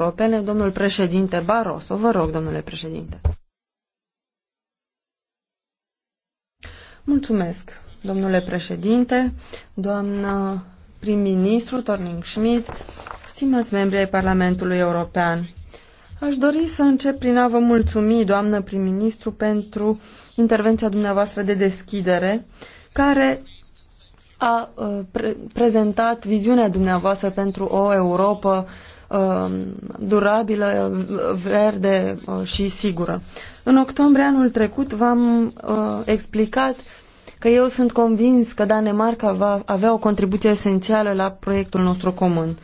Europene, domnul președinte Barroso. Vă rog, domnule președinte. Mulțumesc, domnule președinte, doamnă prim-ministru Torning Schmidt, stimați membri ai Parlamentului European. Aș dori să încep prin a vă mulțumi, doamnă prim-ministru, pentru intervenția dumneavoastră de deschidere, care a uh, pre prezentat viziunea dumneavoastră pentru o Europa Um, durabilă, verde uh, și sigură. În octombrie anul trecut v-am uh, explicat că eu sunt convins că Danemarca va avea o contribuție esențială la proiectul nostru comun.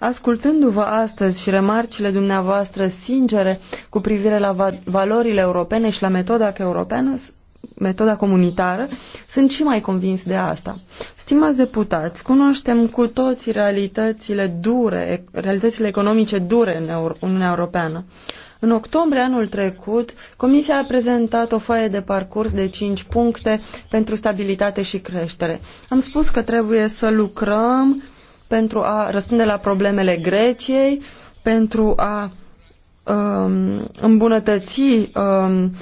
Ascultându-vă astăzi și remarcile dumneavoastră sincere cu privire la valorile europene și la metoda europeană, metoda comunitară, sunt și mai convins de asta. Stimați deputați, cunoaștem cu toți realitățile dure, realitățile economice dure în Uniunea Europeană. În octombrie anul trecut, Comisia a prezentat o foaie de parcurs de 5 puncte pentru stabilitate și creștere. Am spus că trebuie să lucrăm pentru a răspunde la problemele Greciei, pentru a Um, îmbunătăți um,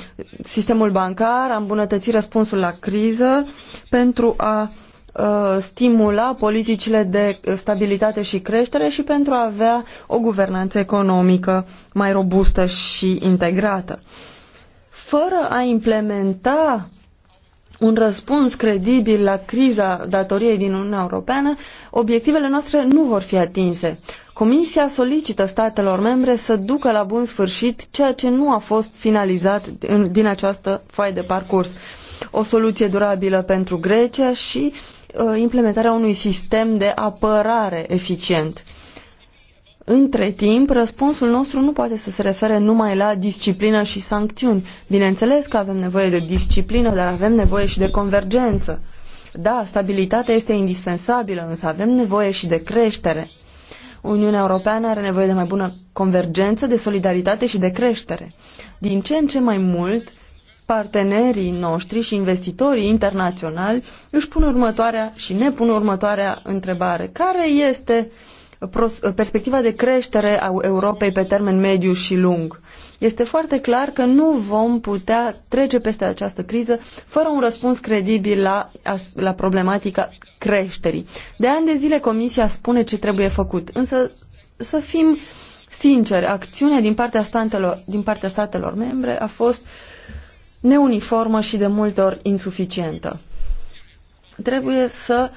sistemul bancar, a îmbunătăți răspunsul la criză pentru a uh, stimula politicile de stabilitate și creștere și pentru a avea o guvernanță economică mai robustă și integrată. Fără a implementa un răspuns credibil la criza datoriei din Uniunea Europeană, obiectivele noastre nu vor fi atinse. Comisia solicită statelor membre să ducă la bun sfârșit ceea ce nu a fost finalizat din această foaie de parcurs. O soluție durabilă pentru Grecia și uh, implementarea unui sistem de apărare eficient. Între timp, răspunsul nostru nu poate să se refere numai la disciplină și sancțiuni. Bineînțeles că avem nevoie de disciplină, dar avem nevoie și de convergență. Da, stabilitatea este indispensabilă, însă avem nevoie și de creștere. Uniunea Europeană are nevoie de mai bună convergență, de solidaritate și de creștere. Din ce în ce mai mult, partenerii noștri și investitorii internaționali își pun următoarea și ne pun următoarea întrebare. Care este perspectiva de creștere a Europei pe termen mediu și lung? Este foarte clar că nu vom putea trece peste această criză fără un răspuns credibil la, la problematica creșterii. De ani de zile Comisia spune ce trebuie făcut, însă să fim sinceri, acțiunea din partea statelor, din partea statelor membre a fost neuniformă și de multe ori insuficientă. Trebuie să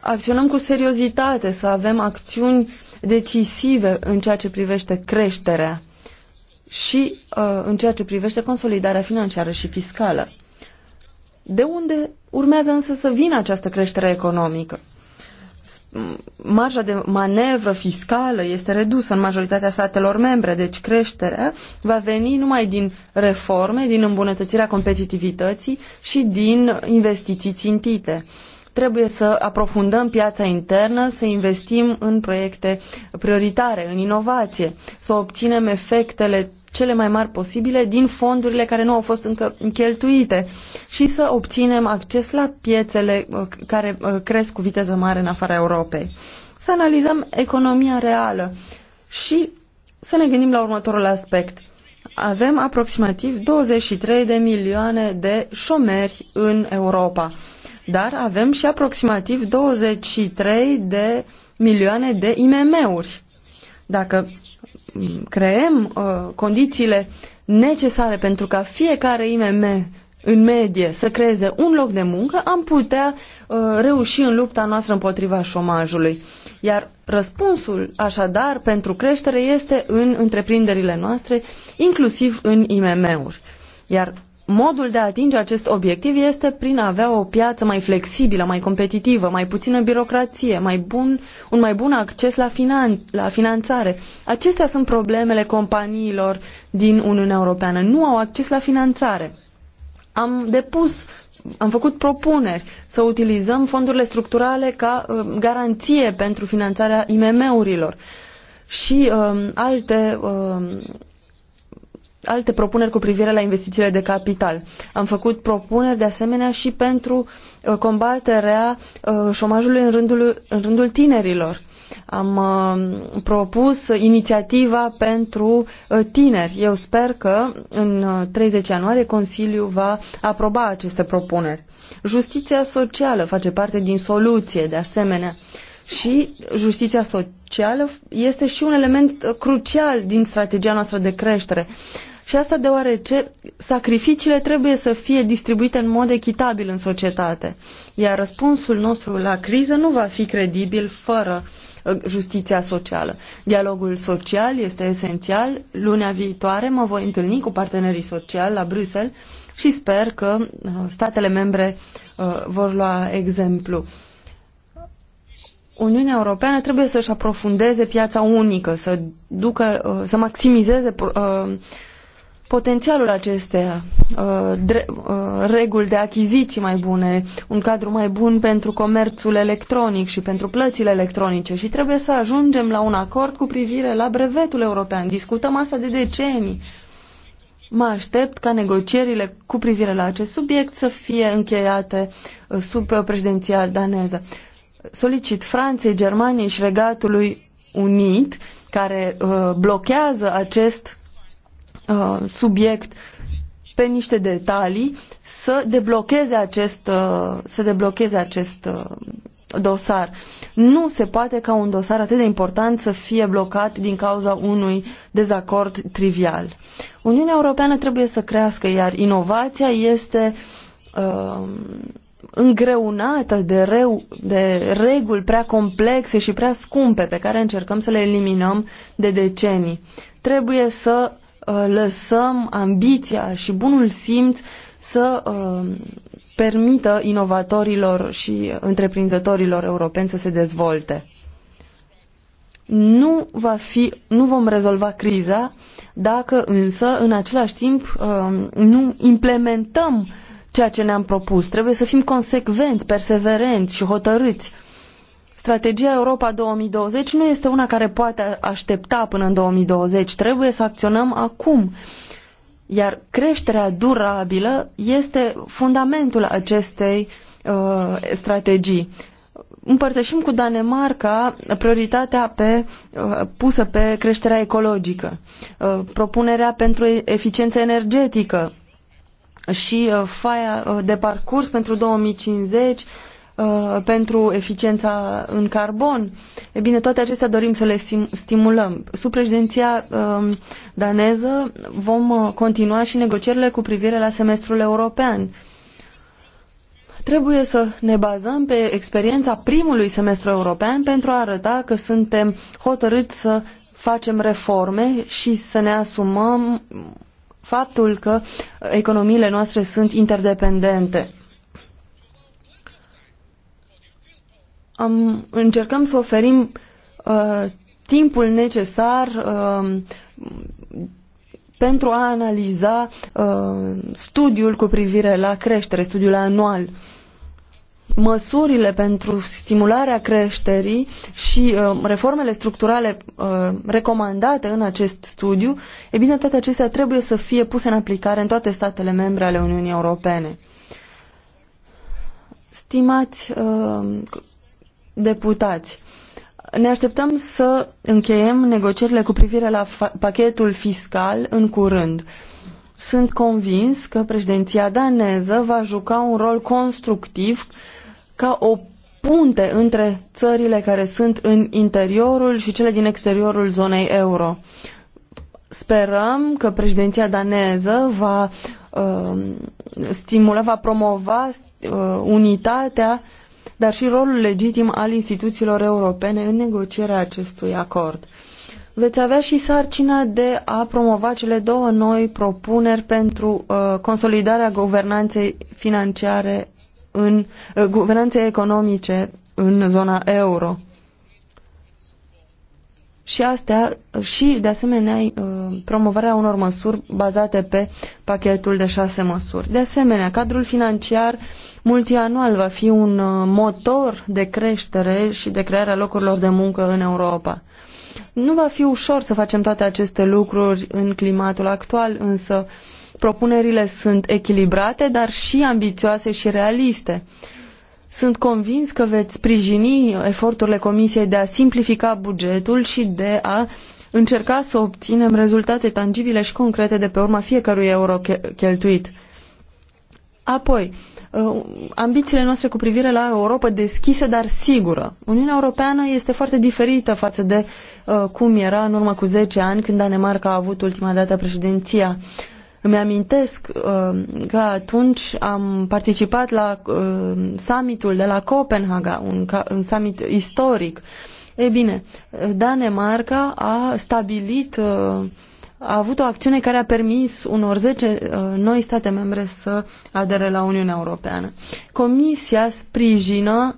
acționăm cu seriozitate, să avem acțiuni decisive în ceea ce privește creșterea și uh, în ceea ce privește consolidarea financiară și fiscală. De unde urmează însă să vină această creștere economică? marja de manevră fiscală este redusă în majoritatea statelor membre, deci creșterea va veni numai din reforme, din îmbunătățirea competitivității și din investiții țintite. Trebuie să aprofundăm piața internă, să investim în proiecte prioritare, în inovație, să obținem efectele cele mai mari posibile din fondurile care nu au fost încă cheltuite și să obținem acces la piețele uh, care uh, cresc cu viteză mare în afara Europei. Să analizăm economia reală și să ne gândim la următorul aspect avem aproximativ 23 de milioane de șomeri în Europa dar avem și aproximativ 23 de milioane de IMM-uri. Dacă mm, creăm uh, condițiile necesare pentru ca fiecare IMM în medie să creeze un loc de muncă, am putea uh, reuși în lupta noastră împotriva șomajului. Iar răspunsul, așadar, pentru creștere este în întreprinderile noastre, inclusiv în IMM-uri. Iar modul de a atinge acest obiectiv este prin a avea o piață mai flexibilă, mai competitivă, mai puțină birocrație, mai bun, un mai bun acces la, finan, la finanțare. Acestea sunt problemele companiilor din Uniunea Europeană. Nu au acces la finanțare. Am depus am făcut propuneri să utilizăm fondurile structurale ca uh, garanție pentru finanțarea IMM-urilor și uh, alte uh, alte propuneri cu privire la investițiile de capital. Am făcut propuneri de asemenea și pentru uh, combaterea uh, șomajului în rândul, în rândul tinerilor. Am uh, propus inițiativa pentru tineri. Eu sper că în 30 ianuarie Consiliul va aproba aceste propuneri. Justiția socială face parte din soluție de asemenea. Și justiția socială este și un element crucial din strategia noastră de creștere. Și asta deoarece sacrificiile trebuie să fie distribuite în mod echitabil în societate. Iar răspunsul nostru la criză nu va fi credibil fără uh, justiția socială. Dialogul social este esențial. Lunea viitoare mă voi întâlni cu partenerii sociali la Bruxelles și sper că uh, statele membre uh, vor lua exemplu. Uniunea Europeană trebuie să-și aprofundeze piața unică, să, ducă, să maximizeze potențialul acestea, uh, uh, reguli de achiziții mai bune, un cadru mai bun pentru comerțul electronic și pentru plățile electronice și trebuie să ajungem la un acord cu privire la brevetul european. Discutăm asta de decenii. Mă aștept ca negocierile cu privire la acest subiect să fie încheiate uh, sub președinția daneză. Solicit Franței, Germaniei și Regatului Unit, care blochează acest Uh, subiect pe niște detalii să deblocheze acest, uh, să deblocheze acest uh, dosar. Nu se poate ca un dosar atât de important să fie blocat din cauza unui dezacord trivial. Uniunea Europeană trebuie să crească, iar inovația este uh, îngreunată de, reu, de reguli prea complexe și prea scumpe pe care încercăm să le eliminăm de decenii. Trebuie să Uh, lăsăm ambiția și bunul simț să uh, permită inovatorilor și întreprinzătorilor europeni să se dezvolte. Nu, va fi, nu vom rezolva criza dacă însă în același timp uh, nu implementăm ceea ce ne-am propus. Trebuie să fim consecvenți, perseverenți și hotărâți. Strategia Europa 2020 nu este una care poate aștepta până în 2020. Trebuie să acționăm acum. Iar creșterea durabilă este fundamentul acestei uh, strategii. Împărtășim cu Danemarca prioritatea pe, uh, pusă pe creșterea ecologică, uh, propunerea pentru eficiență energetică și uh, faia uh, de parcurs pentru 2050 Uh, pentru eficiența în carbon. E bine, toate acestea dorim să le stimulăm. Sub președinția um, daneză vom uh, continua și negocierile cu privire la semestrul european. Trebuie să ne bazăm pe experiența primului semestru european pentru a arăta că suntem hotărâți să facem reforme și să ne asumăm faptul că economiile noastre sunt interdependente am, încercăm să oferim uh, timpul necesar uh, pentru a analiza uh, studiul cu privire la creștere, studiul anual. Măsurile pentru stimularea creșterii și uh, reformele structurale uh, recomandate în acest studiu, e bine, toate acestea trebuie să fie puse în aplicare în toate statele membre ale Uniunii Europene. Stimați uh, deputați. Ne așteptăm să încheiem negocierile cu privire la pachetul fiscal în curând. Sunt convins că președinția daneză va juca un rol constructiv ca o punte între țările care sunt în interiorul și cele din exteriorul zonei euro. Sperăm că președinția daneză va uh, stimula, va promova uh, unitatea dar și rolul legitim al instituțiilor europene în negocierea acestui acord. Veți avea și sarcina de a promova cele două noi propuneri pentru uh, consolidarea guvernanței financiare în uh, guvernanței economice în zona euro și astea și, de asemenea, uh, promovarea unor măsuri bazate pe pachetul de șase măsuri. De asemenea, cadrul financiar multianual va fi un uh, motor de creștere și de crearea locurilor de muncă în Europa. Nu va fi ușor să facem toate aceste lucruri în climatul actual, însă propunerile sunt echilibrate, dar și ambițioase și realiste. Sunt convins că veți sprijini eforturile Comisiei de a simplifica bugetul și de a încerca să obținem rezultate tangibile și concrete de pe urma fiecărui euro cheltuit. Apoi, uh, ambițiile noastre cu privire la Europa deschisă, dar sigură. Uniunea Europeană este foarte diferită față de uh, cum era în urmă cu 10 ani când Danemarca a avut ultima dată președinția. Îmi amintesc uh, că atunci am participat la uh, summitul de la Copenhaga, un, un summit istoric. E bine, uh, Danemarca a stabilit, uh, a avut o acțiune care a permis unor 10 uh, noi state membre să adere la Uniunea Europeană. Comisia sprijină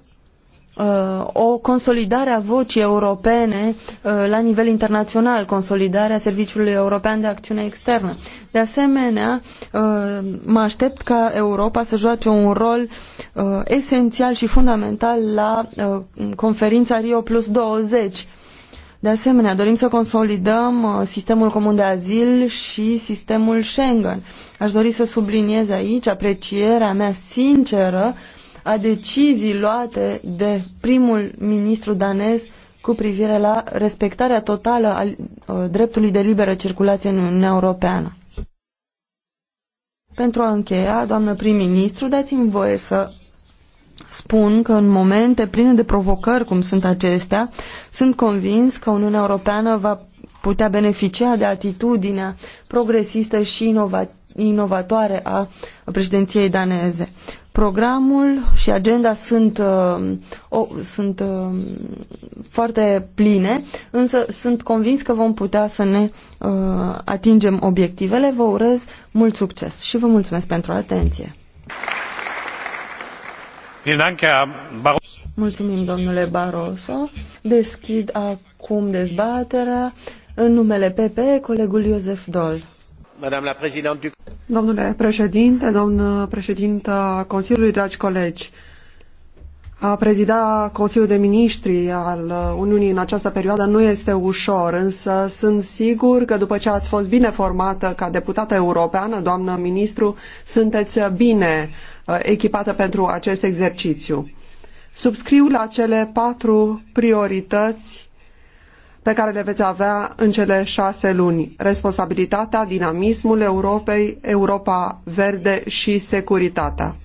Uh, o consolidare a vocii europene uh, la nivel internațional, consolidarea Serviciului European de Acțiune Externă. De asemenea, uh, mă aștept ca Europa să joace un rol esențial și fundamental la conferința Rio Plus 20. De asemenea, dorim să consolidăm sistemul comun de azil și sistemul Schengen. Aș dori să subliniez aici aprecierea mea sinceră uh, a decizii luate de primul ministru danez cu privire la respectarea totală a uh, dreptului de liberă circulație în Uniunea Europeană. Pentru a încheia, doamnă prim-ministru, dați-mi voie să spun că în momente pline de provocări cum sunt acestea, sunt convins că Uniunea Europeană va putea beneficia de atitudinea progresistă și inovativă inovatoare a președinției daneze. Programul și agenda sunt, uh, o, sunt uh, foarte pline, însă sunt convins că vom putea să ne uh, atingem obiectivele. Vă urez mult succes și vă mulțumesc pentru atenție. Mulțumim, domnule Barroso. Deschid acum dezbaterea în numele PP, colegul Iosef Dol. Domnule președinte, domnul președinte Consiliului, dragi colegi, a prezida Consiliul de Ministri al Uniunii în această perioadă nu este ușor, însă sunt sigur că după ce ați fost bine formată ca deputată europeană, doamnă ministru, sunteți bine uh, echipată pentru acest exercițiu. Subscriu la cele patru priorități pe care le veți avea în cele șase luni. Responsabilitatea, dinamismul Europei, Europa verde și securitatea.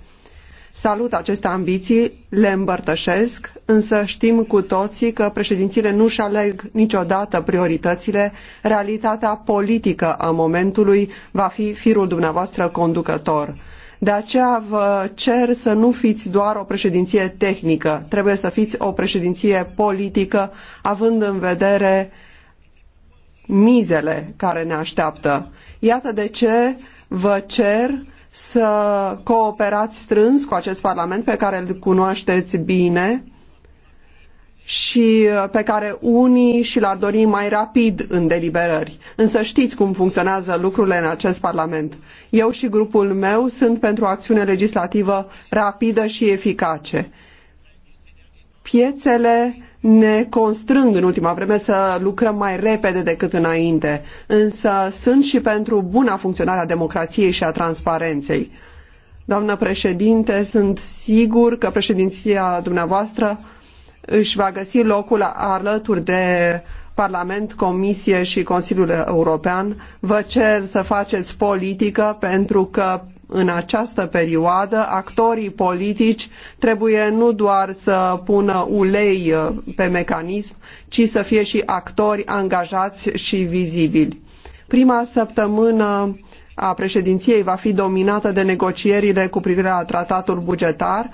Salut aceste ambiții, le împărtășesc, însă știm cu toții că președințile nu-și aleg niciodată prioritățile. Realitatea politică a momentului va fi firul dumneavoastră conducător. De aceea vă cer să nu fiți doar o președinție tehnică, trebuie să fiți o președinție politică, având în vedere mizele care ne așteaptă. Iată de ce vă cer să cooperați strâns cu acest Parlament pe care îl cunoașteți bine, și uh, pe care unii și l-ar dori mai rapid în deliberări. Însă știți cum funcționează lucrurile în acest Parlament. Eu și grupul meu sunt pentru o acțiune legislativă rapidă și eficace. Piețele ne constrâng în ultima vreme să lucrăm mai repede decât înainte, însă sunt și pentru buna funcționare a democrației și a transparenței. Doamnă președinte, sunt sigur că președinția dumneavoastră își va găsi locul alături de Parlament, Comisie și Consiliul European. Vă cer să faceți politică pentru că în această perioadă actorii politici trebuie nu doar să pună ulei pe mecanism, ci să fie și actori angajați și vizibili. Prima săptămână a președinției va fi dominată de negocierile cu privire la tratatul bugetar.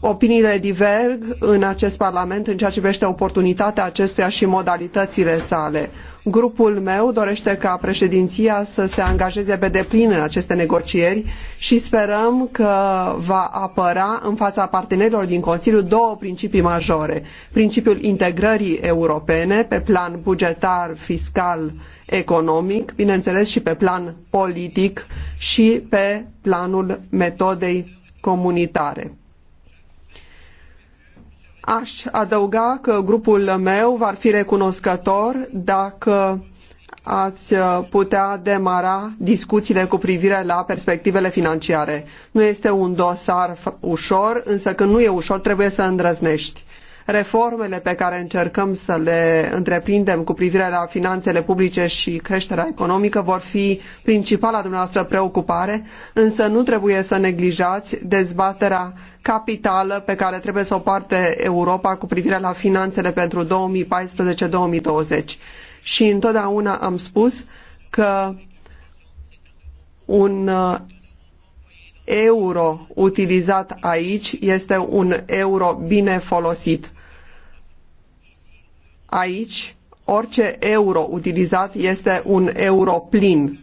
Opiniile diverg în acest Parlament în ceea ce privește oportunitatea acestuia și modalitățile sale. Grupul meu dorește ca președinția să se angajeze pe deplin în aceste negocieri și sperăm că va apăra în fața partenerilor din Consiliu două principii majore. Principiul integrării europene pe plan bugetar, fiscal, economic, bineînțeles și pe plan politic și pe planul metodei comunitare Aș adăuga că grupul meu va fi recunoscător dacă ați putea demara discuțiile cu privire la perspectivele financiare. Nu este un dosar ușor, însă când nu e ușor trebuie să îndrăznești reformele pe care încercăm să le întreprindem cu privire la finanțele publice și creșterea economică vor fi principala dumneavoastră preocupare, însă nu trebuie să neglijați dezbaterea capitală pe care trebuie să o parte Europa cu privire la finanțele pentru 2014-2020. Și întotdeauna am spus că un uh, euro utilizat aici este un euro bine folosit. Aici, orice euro utilizat este un euro plin.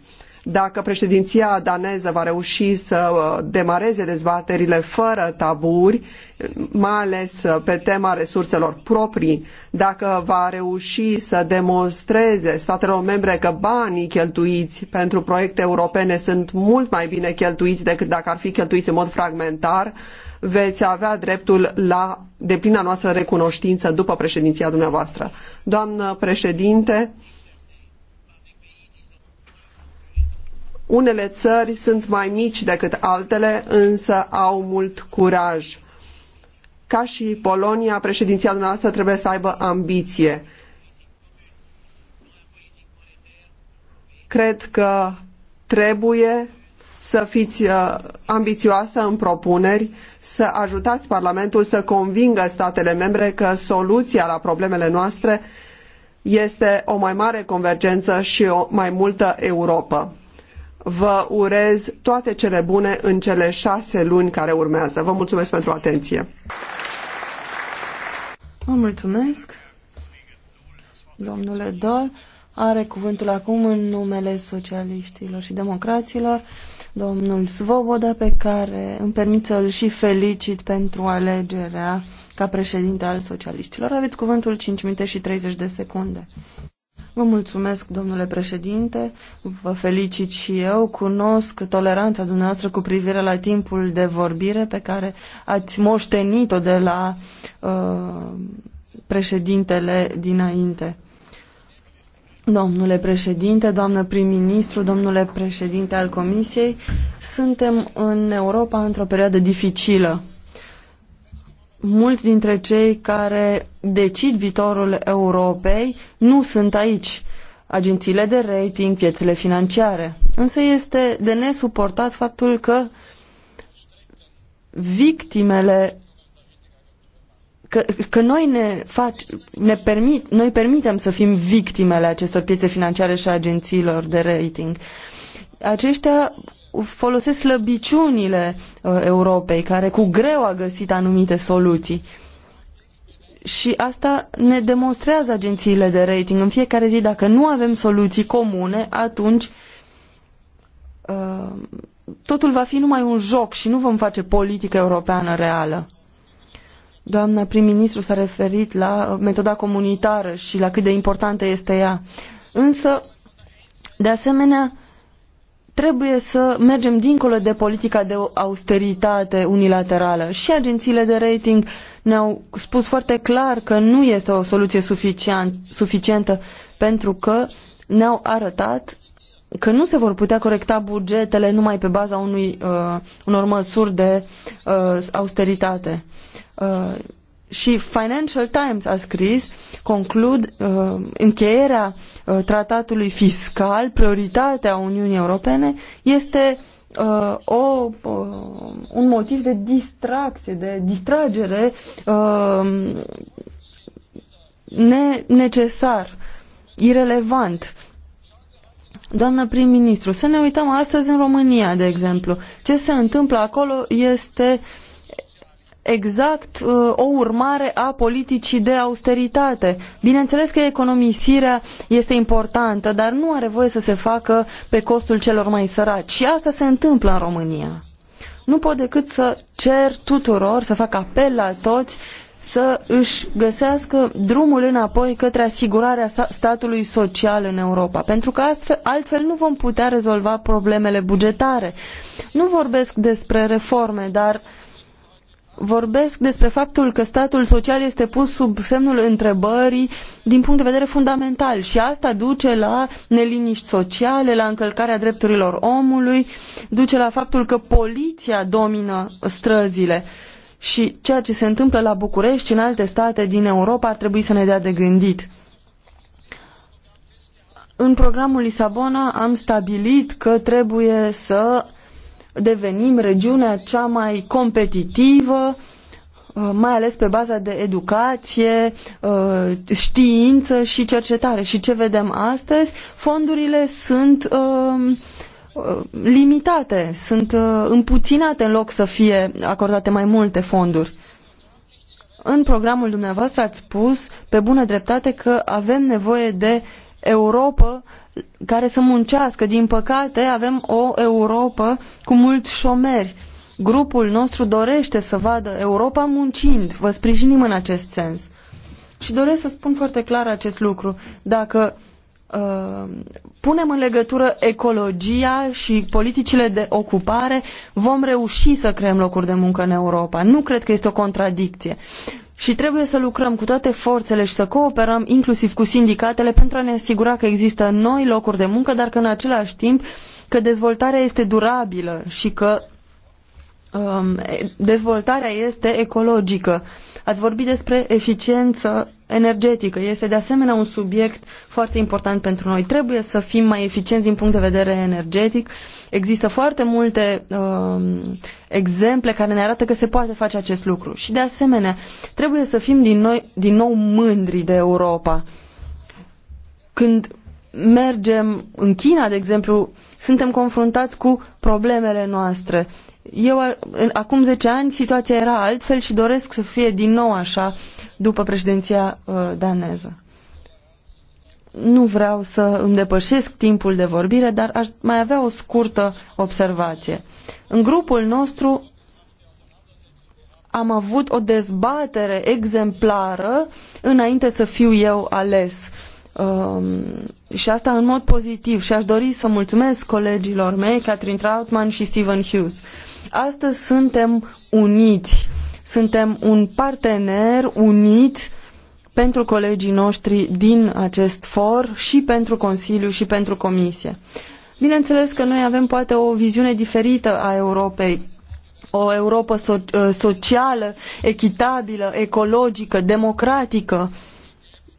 Dacă președinția daneză va reuși să uh, demareze dezbaterile fără taburi, mai ales uh, pe tema resurselor proprii, dacă va reuși să demonstreze statelor membre că banii cheltuiți pentru proiecte europene sunt mult mai bine cheltuiți decât dacă ar fi cheltuiți în mod fragmentar, veți avea dreptul la deplina noastră recunoștință după președinția dumneavoastră. Doamnă președinte, Unele țări sunt mai mici decât altele, însă au mult curaj. Ca și Polonia, președinția dumneavoastră trebuie să aibă ambiție. Cred că trebuie să fiți uh, ambițioasă în propuneri, să ajutați Parlamentul să convingă statele membre că soluția la problemele noastre este o mai mare convergență și o mai multă Europa vă urez toate cele bune în cele șase luni care urmează. Vă mulțumesc pentru atenție. Vă mulțumesc. Domnule Dol are cuvântul acum în numele socialiștilor și democraților, domnul Svoboda, pe care îmi permit să îl și felicit pentru alegerea ca președinte al socialiștilor. Aveți cuvântul 5 minute și 30 de secunde. Vă mulțumesc, domnule președinte, vă felicit și eu. Cunosc toleranța dumneavoastră cu privire la timpul de vorbire pe care ați moștenit-o de la uh, președintele dinainte. Domnule președinte, doamnă prim-ministru, domnule președinte al Comisiei, suntem în Europa într-o perioadă dificilă mulți dintre cei care decid viitorul Europei nu sunt aici agențiile de rating, piețele financiare. Însă este de nesuportat faptul că victimele că, că noi ne, fac, ne permit, noi permitem să fim victimele acestor piețe financiare și agențiilor de rating. Aceștia folosesc slăbiciunile uh, Europei, care cu greu a găsit anumite soluții. Și asta ne demonstrează agențiile de rating în fiecare zi. Dacă nu avem soluții comune, atunci uh, totul va fi numai un joc și nu vom face politică europeană reală. Doamna prim-ministru s-a referit la metoda comunitară și la cât de importantă este ea. Însă, de asemenea, Trebuie să mergem dincolo de politica de austeritate unilaterală. Și agențiile de rating ne-au spus foarte clar că nu este o soluție suficient, suficientă pentru că ne-au arătat că nu se vor putea corecta bugetele numai pe baza unui, uh, unor măsuri de uh, austeritate. Uh, și Financial Times a scris, conclud, uh, încheierea uh, tratatului fiscal, prioritatea Uniunii Europene, este uh, o, un motiv de distracție, de distragere ne necesar, irelevant. Doamnă prim-ministru, să ne uităm astăzi în România, de exemplu. Ce se întâmplă acolo este uh, exact uh, o urmare a politicii de austeritate. Bineînțeles că economisirea este importantă, dar nu are voie să se facă pe costul celor mai săraci. Și asta se întâmplă în România. Nu pot decât să cer tuturor, să fac apel la toți să își găsească drumul înapoi către asigurarea statului social în Europa, pentru că astfel, altfel nu vom putea rezolva problemele bugetare. Nu vorbesc despre reforme, dar vorbesc despre faptul că statul social este pus sub semnul întrebării din punct de vedere fundamental și asta duce la neliniști sociale, la încălcarea drepturilor omului, duce la faptul că poliția domină străzile. Și ceea ce se întâmplă la București și în alte state din Europa ar trebui să ne dea de gândit. În programul Lisabona am stabilit că trebuie să devenim regiunea cea mai competitivă, uh, mai ales pe baza de educație, uh, știință și cercetare. Și ce vedem astăzi? Fondurile sunt uh, limitate, sunt împuținate în loc să fie acordate mai multe fonduri. În programul dumneavoastră ați spus pe bună dreptate că avem nevoie de Europă care să muncească. Din păcate, avem o Europă cu mulți șomeri. Grupul nostru dorește să vadă Europa muncind. Vă sprijinim în acest sens. Și doresc să spun foarte clar acest lucru. Dacă uh, punem în legătură ecologia și politicile de ocupare, vom reuși să creăm locuri de muncă în Europa. Nu cred că este o contradicție și trebuie să lucrăm cu toate forțele și să cooperăm inclusiv cu sindicatele pentru a ne asigura că există noi locuri de muncă, dar că în același timp că dezvoltarea este durabilă și că Um, dezvoltarea este ecologică. Ați vorbit despre eficiență energetică. Este de asemenea un subiect foarte important pentru noi. Trebuie să fim mai eficienți din punct de vedere energetic. Există foarte multe um, exemple care ne arată că se poate face acest lucru. Și de asemenea, trebuie să fim din, noi, din nou mândri de Europa. Când mergem în China, de exemplu, suntem confruntați cu problemele noastre. Eu, acum 10 ani, situația era altfel și doresc să fie din nou așa după președinția uh, daneză. Nu vreau să îmi depășesc timpul de vorbire, dar aș mai avea o scurtă observație. În grupul nostru am avut o dezbatere exemplară înainte să fiu eu ales. Um, și asta în mod pozitiv și aș dori să mulțumesc colegilor mei, Catherine Trautman și Stephen Hughes. Astăzi suntem uniți, suntem un partener unit pentru colegii noștri din acest for și pentru Consiliu și pentru Comisie. Bineînțeles că noi avem poate o viziune diferită a Europei, o Europa so- ă, socială, echitabilă, ecologică, democratică.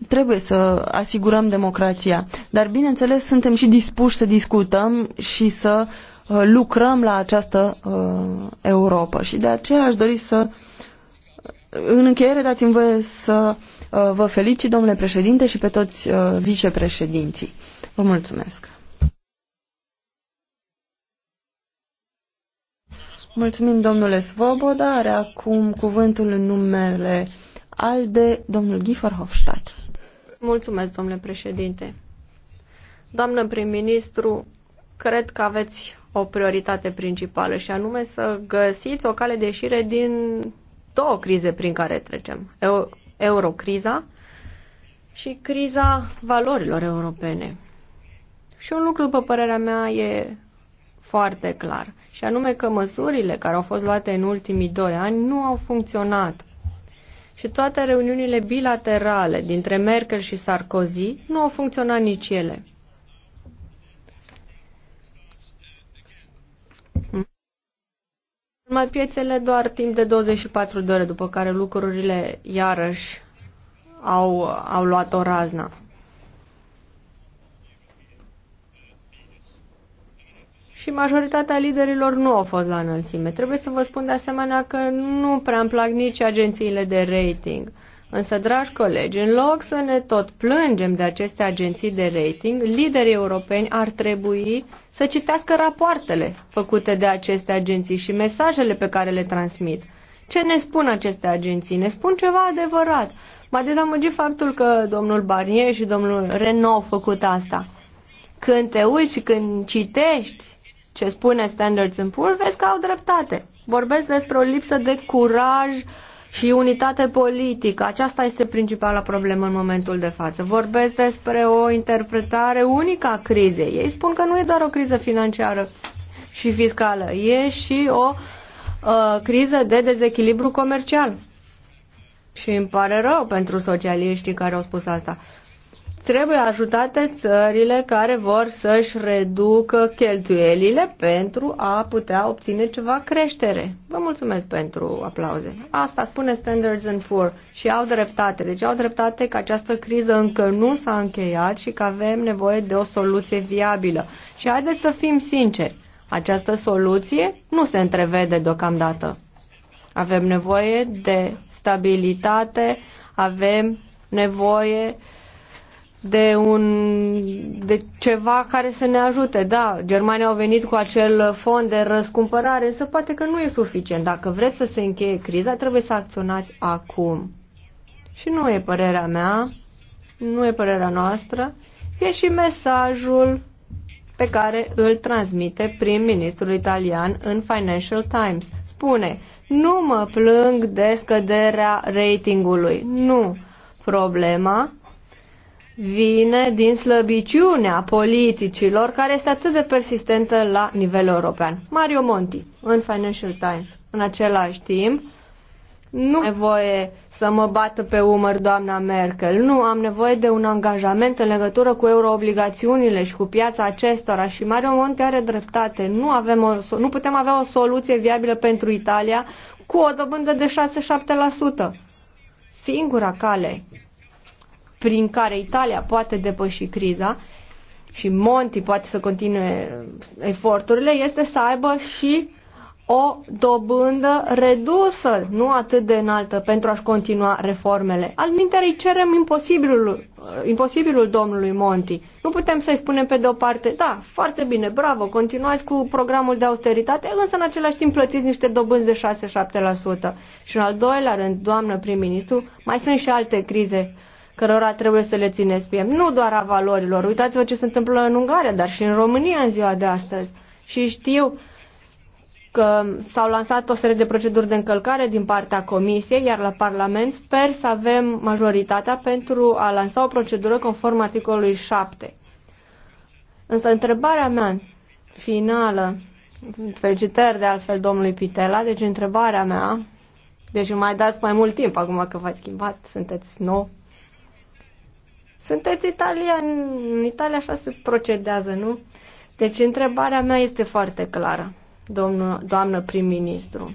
Trebuie să asigurăm democrația, dar bineînțeles suntem și dispuși să discutăm și să uh, Uh, lucrăm la această uh, Europa. Și de aceea aș dori să, în încheiere, dați-mi voie să uh, vă felicit, domnule președinte, și pe toți vicepreședinții. Vă mulțumesc! Mulțumim, domnule Svoboda. Are acum cuvântul în numele ALDE, domnul Gifar Hofstadt. Mulțumesc, domnule președinte. Doamnă prim-ministru, cred că aveți o prioritate principală și anume să găsiți o cale de ieșire din două crize prin care trecem. Eurocriza și criza valorilor europene. Și un lucru, după părerea mea, e foarte clar, și anume că măsurile care au fost luate în ultimii doi ani nu au funcționat. Și toate reuniunile bilaterale dintre Merkel și Sarkozy nu au funcționat nici ele. mai piețele doar timp de 24 de ore, după care lucrurile iarăși au, au luat o razna. și majoritatea liderilor nu au fost la înălțime. Trebuie să vă spun de asemenea că nu prea îmi plac nici agențiile de rating. Însă, dragi colegi, în loc să ne tot plângem de aceste agenții de rating, liderii europeni ar trebui să citească rapoartele făcute de aceste agenții și mesajele pe care le transmit. Ce ne spun aceste agenții? Ne spun ceva adevărat. M-a dezamăgit faptul că domnul Barnier și domnul Renault au făcut asta. Când te uiți și când citești ce spune Standards Poor's, vezi că au dreptate. Vorbesc despre o lipsă de curaj uh, și unitate politică. Aceasta este principala problemă în momentul de față. Vorbesc despre o interpretare unică a crizei. Ei spun că nu e doar o criză financiară și fiscală, e și o uh, criză de dezechilibru comercial. Și îmi pare rău pentru socialiștii care au spus asta. Trebuie ajutate țările care vor să-și reducă cheltuielile pentru a putea obține ceva creștere. Vă mulțumesc pentru aplauze. Asta spune Standards and Poor și au dreptate. Deci au dreptate că această criză încă nu s-a încheiat și că avem nevoie de o soluție viabilă. Și haideți să fim sinceri, această soluție nu se întrevede deocamdată. Avem nevoie de stabilitate, avem nevoie de un de ceva care să ne ajute. Da, Germania au venit cu acel fond de răscumpărare, însă poate că nu e suficient. Dacă vreți să se încheie criza, trebuie să acționați acum. Și nu e părerea mea, nu e părerea noastră, e și mesajul pe care îl transmite prim-ministrul italian în Financial Times. Spune, nu mă plâng de scăderea ratingului. Nu. Problema vine din slăbiciunea politicilor care este atât de persistentă la nivel european. Mario Monti, în Financial Times, în același timp, nu am nevoie să mă bată pe umăr doamna Merkel. Nu, am nevoie de un angajament în legătură cu euroobligațiunile și cu piața acestora. Și Mario Monti are dreptate. Nu, avem o, nu putem avea o soluție viabilă pentru Italia cu o dobândă de 6-7%. Singura cale prin care Italia poate depăși criza și Monti poate să continue eforturile este să aibă și o dobândă redusă, nu atât de înaltă, pentru a-și continua reformele. Al minterei cerem imposibilul, imposibilul domnului Monti. Nu putem să-i spunem pe de-o parte, da, foarte bine, bravo, continuați cu programul de austeritate, însă în același timp plătiți niște dobânzi de 6-7%. Și în al doilea rând, doamnă prim-ministru, mai sunt și alte crize cărora trebuie să le țineți piept. Nu doar a valorilor. Uitați-vă ce se întâmplă în Ungaria, dar și în România în ziua de astăzi. Și știu că s-au lansat o serie de proceduri de încălcare din partea Comisiei, iar la Parlament sper să avem majoritatea pentru a lansa o procedură conform articolului 7. Însă întrebarea mea finală, felicitări de altfel domnului Pitela, deci întrebarea mea, deci mai dați mai mult timp acum că v-ați schimbat, sunteți nou sunteți italian, în Italia așa se procedează, nu? Deci întrebarea mea este foarte clară, domnul, doamnă prim-ministru.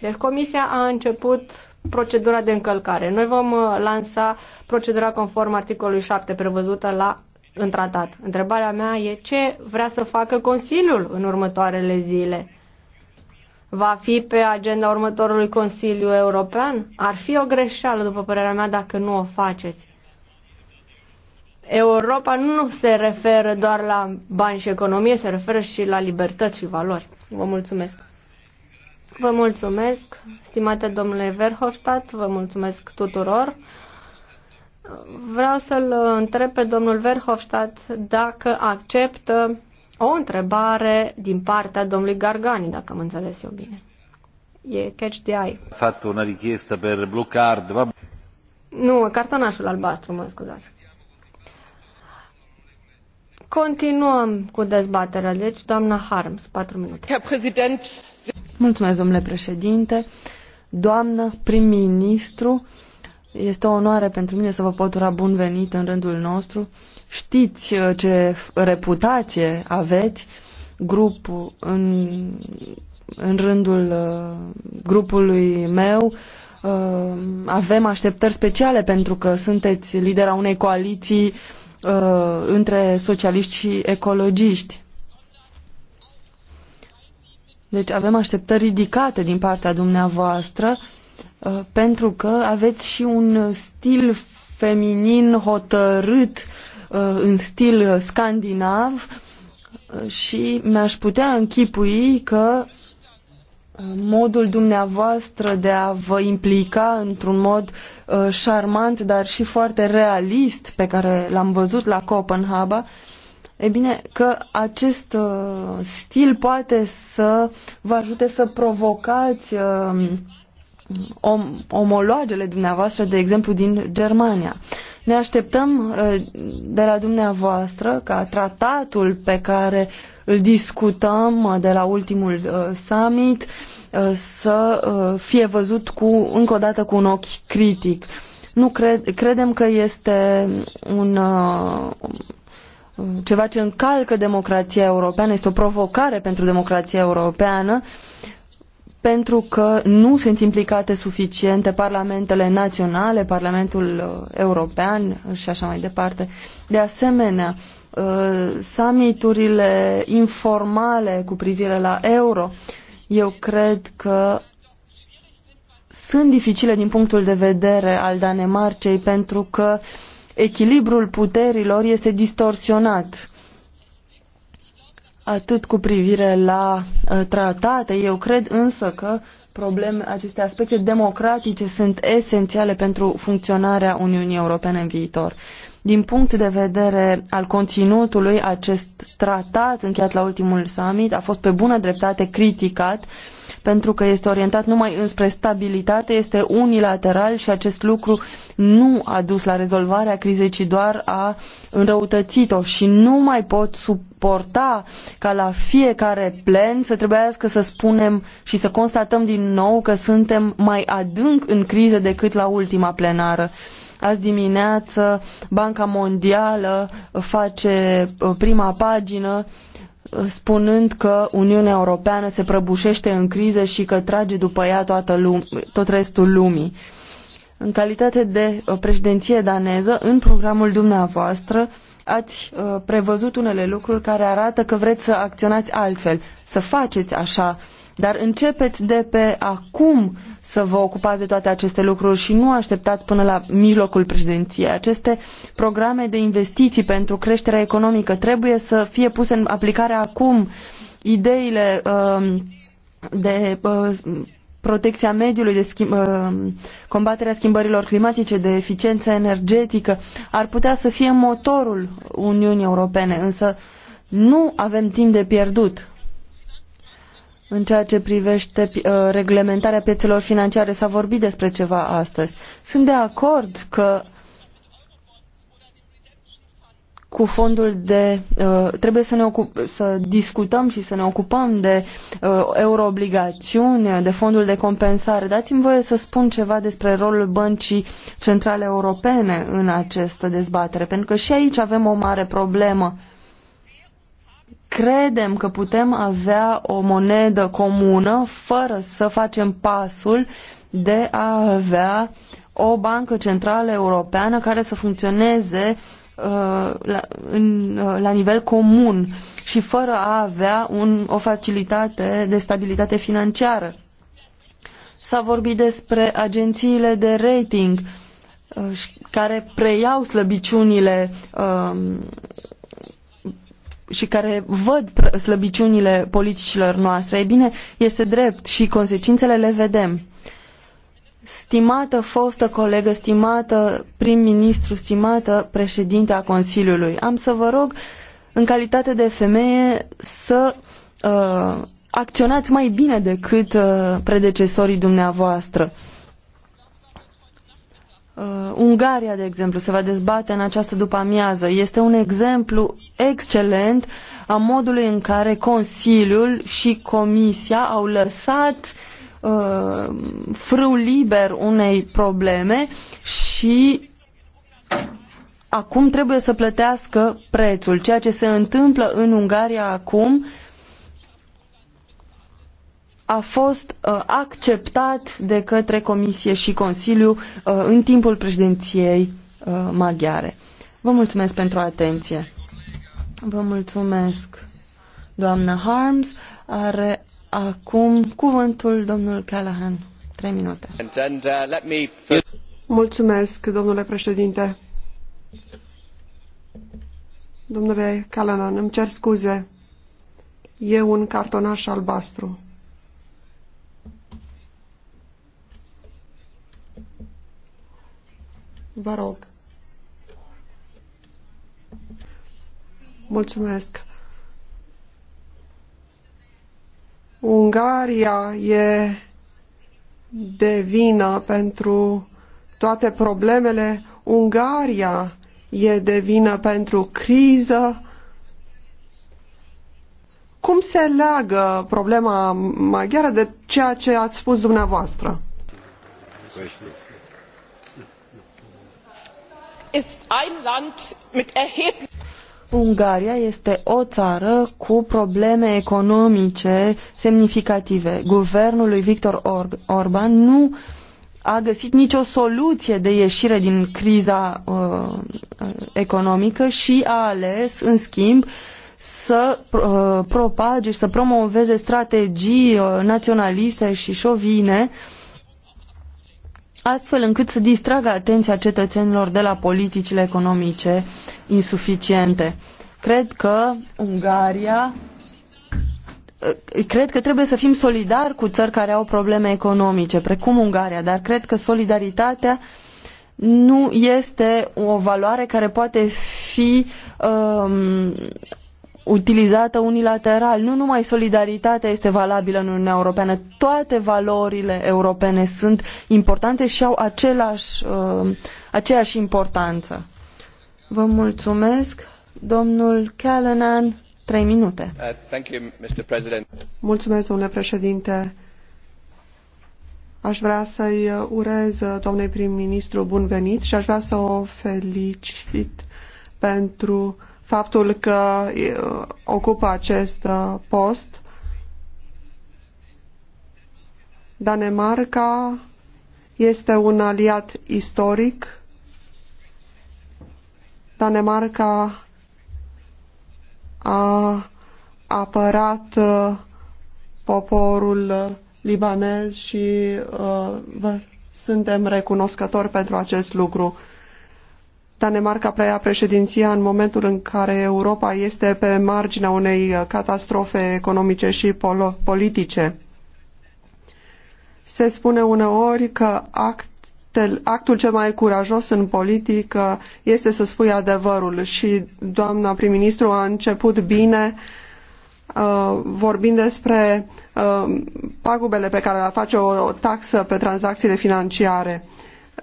Deci comisia a început procedura de încălcare. Noi vom uh, lansa procedura conform articolului 7 prevăzută la în tratat. Întrebarea mea e ce vrea să facă Consiliul în următoarele zile. Va fi pe agenda următorului Consiliu European? Ar fi o greșeală, după părerea mea, dacă nu o faceți. Europa nu se referă doar la bani și economie, se referă și la libertăți și valori. Vă mulțumesc! Vă mulțumesc, stimate domnule Verhofstadt, vă mulțumesc tuturor. Vreau să-l întreb pe domnul Verhofstadt dacă acceptă o întrebare din partea domnului Gargani, dacă am înțeles eu bine. E catch the eye. Fatto una richiesta per blue card. Va... Nu, cartonașul albastru, mă scuzați. Continuăm cu dezbaterea. Deci, doamna Harms, patru minute. Mulțumesc, domnule președinte. Doamnă prim-ministru, este o onoare pentru mine să vă pot ura bun venit în rândul nostru. Știți uh, ce reputație aveți grupul în, în rândul uh, grupului meu. Uh, avem așteptări speciale pentru că sunteți lidera unei coaliții uh, între socialiști și ecologiști. Deci avem așteptări ridicate din partea dumneavoastră uh, pentru că aveți și un stil feminin hotărât uh, în stil scandinav uh, și mi-aș putea închipui că uh, modul dumneavoastră de a vă implica într-un mod uh, șarmant, dar și foarte realist pe care l-am văzut la Copenhaga, e bine că acest uh, stil poate să vă ajute să provocați uh, om, omologele dumneavoastră, de exemplu, din Germania. Uh, ne așteptăm uh, de la dumneavoastră ca tratatul pe care îl discutăm uh, de la ultimul uh, summit să fie văzut cu, încă o dată cu un ochi critic. Nu cred, credem că este un, ceva ce încalcă democrația europeană, este o provocare pentru democrația europeană pentru că nu sunt implicate suficiente parlamentele naționale, Parlamentul uh, European și așa mai departe. De asemenea, uh, summiturile informale cu privire la euro, eu cred că sunt dificile din punctul de vedere al Danemarcei pentru că echilibrul puterilor este distorsionat atât cu privire la uh, tratate. Eu cred însă că probleme, aceste aspecte democratice sunt esențiale pentru funcționarea Uniunii Europene în viitor. Din punct de vedere al conținutului, acest tratat încheiat la ultimul summit a fost pe bună dreptate criticat uh, pentru că este orientat numai înspre stabilitate, este unilateral și acest lucru nu a dus la rezolvarea crizei, ci doar a înrăutățit-o și nu mai pot suporta ca la fiecare plen să trebuiască să spunem și să constatăm din nou că suntem mai adânc în criză decât la ultima plenară. Azi dimineață Banca Mondială face uh, prima pagină spunând că Uniunea Europeană se prăbușește în criză și că trage după ea toată lume, tot restul lumii. În calitate de uh, președinție daneză, în programul dumneavoastră ați uh, prevăzut unele lucruri care arată că vreți să acționați altfel, să faceți așa dar începeți de pe acum să vă ocupați de toate aceste lucruri și nu așteptați până la mijlocul președinției. Aceste programe de investiții pentru creșterea economică trebuie să fie puse în aplicare acum. Ideile uh, de uh, protecția mediului, de schimb, um, combaterea schimbărilor climatice, de eficiență energetică, ar putea să fie motorul Uniunii Europene, însă nu avem timp de pierdut. În ceea ce privește uh, reglementarea piețelor financiare, s-a vorbit despre ceva astăzi. Sunt de acord că cu fondul de. Uh, trebuie să, ne ocup, să discutăm și să ne ocupăm de uh, de fondul de compensare. Dați-mi voie să spun ceva despre rolul Băncii Centrale Europene în această dezbatere, pentru că și aici avem o mare problemă. Uh, credem că putem avea o monedă comună fără să facem pasul de a avea o bancă centrală europeană care să funcționeze uh, la, în, uh, la nivel comun și fără a avea un, o facilitate de stabilitate financiară. S-a vorbit despre agențiile de rating uh, care preiau slăbiciunile uh, și care văd slăbiciunile politicilor noastre, e bine, este drept și consecințele le vedem. Stimată fostă colegă, stimată prim-ministru, stimată președinte a Consiliului, am să vă rog, în calitate de femeie, să uh, acționați mai bine decât uh, predecesorii dumneavoastră. Uh, Uh, Ungaria, de exemplu, se va dezbate în această după-amiază. Este un exemplu excelent a modului în care Consiliul și Comisia au lăsat uh, frâu liber unei probleme și acum trebuie să plătească prețul. Ceea ce se întâmplă în Ungaria acum uh, a fost uh, acceptat de către Comisie și Consiliu uh, în timpul președinției uh, maghiare. Vă mulțumesc pentru atenție. Vă mulțumesc, doamnă Harms. Are acum cuvântul domnul Callahan. Trei minute. Mulțumesc, domnule președinte. Domnule Callahan, îmi cer scuze. E un cartonaș albastru. Vă rog. Mulțumesc. Ungaria e de vină pentru toate problemele. Ungaria e de vină pentru criză. Cum se leagă problema maghiară de ceea ce ați spus dumneavoastră? știu. Ungaria este o țară cu probleme economice semnificative. Guvernul lui Victor Or Orban nu a găsit nicio soluție de ieșire din criza uh, uh, economică și a ales, în schimb, să uh, propage și să promoveze strategii uh, naționaliste și șovine uh, astfel încât să distragă atenția cetățenilor de la politicile economice insuficiente. Cred că Ungaria eh, cred că trebuie să fim solidari cu țări care au probleme economice, precum Ungaria, dar cred că solidaritatea nu este o valoare care poate fi um, utilizată unilateral. Nu numai solidaritatea este valabilă în Uniunea Europeană, toate valorile europene sunt importante și au același, uh, aceeași importanță. Vă mulțumesc. Domnul Callanan, trei minute. Uh, thank you, Mr. President. Mulțumesc, domnule președinte. Aș vrea să-i urez uh, doamnei prim-ministru bun venit și aș vrea să o felicit pentru uh, faptul că ocupă acest uh, post. Danemarca este un aliat istoric. Danemarca a apărat uh, poporul libanez și uh, suntem recunoscători pentru acest lucru. Danemarca preia președinția în momentul în care Europa este pe marginea unei uh, catastrofe economice și politice. Se spune uneori că actul cel mai curajos în politică este să spui adevărul și doamna prim-ministru a început bine uh, vorbind despre uh, pagubele pe care le face o, taxă pe tranzacțiile financiare.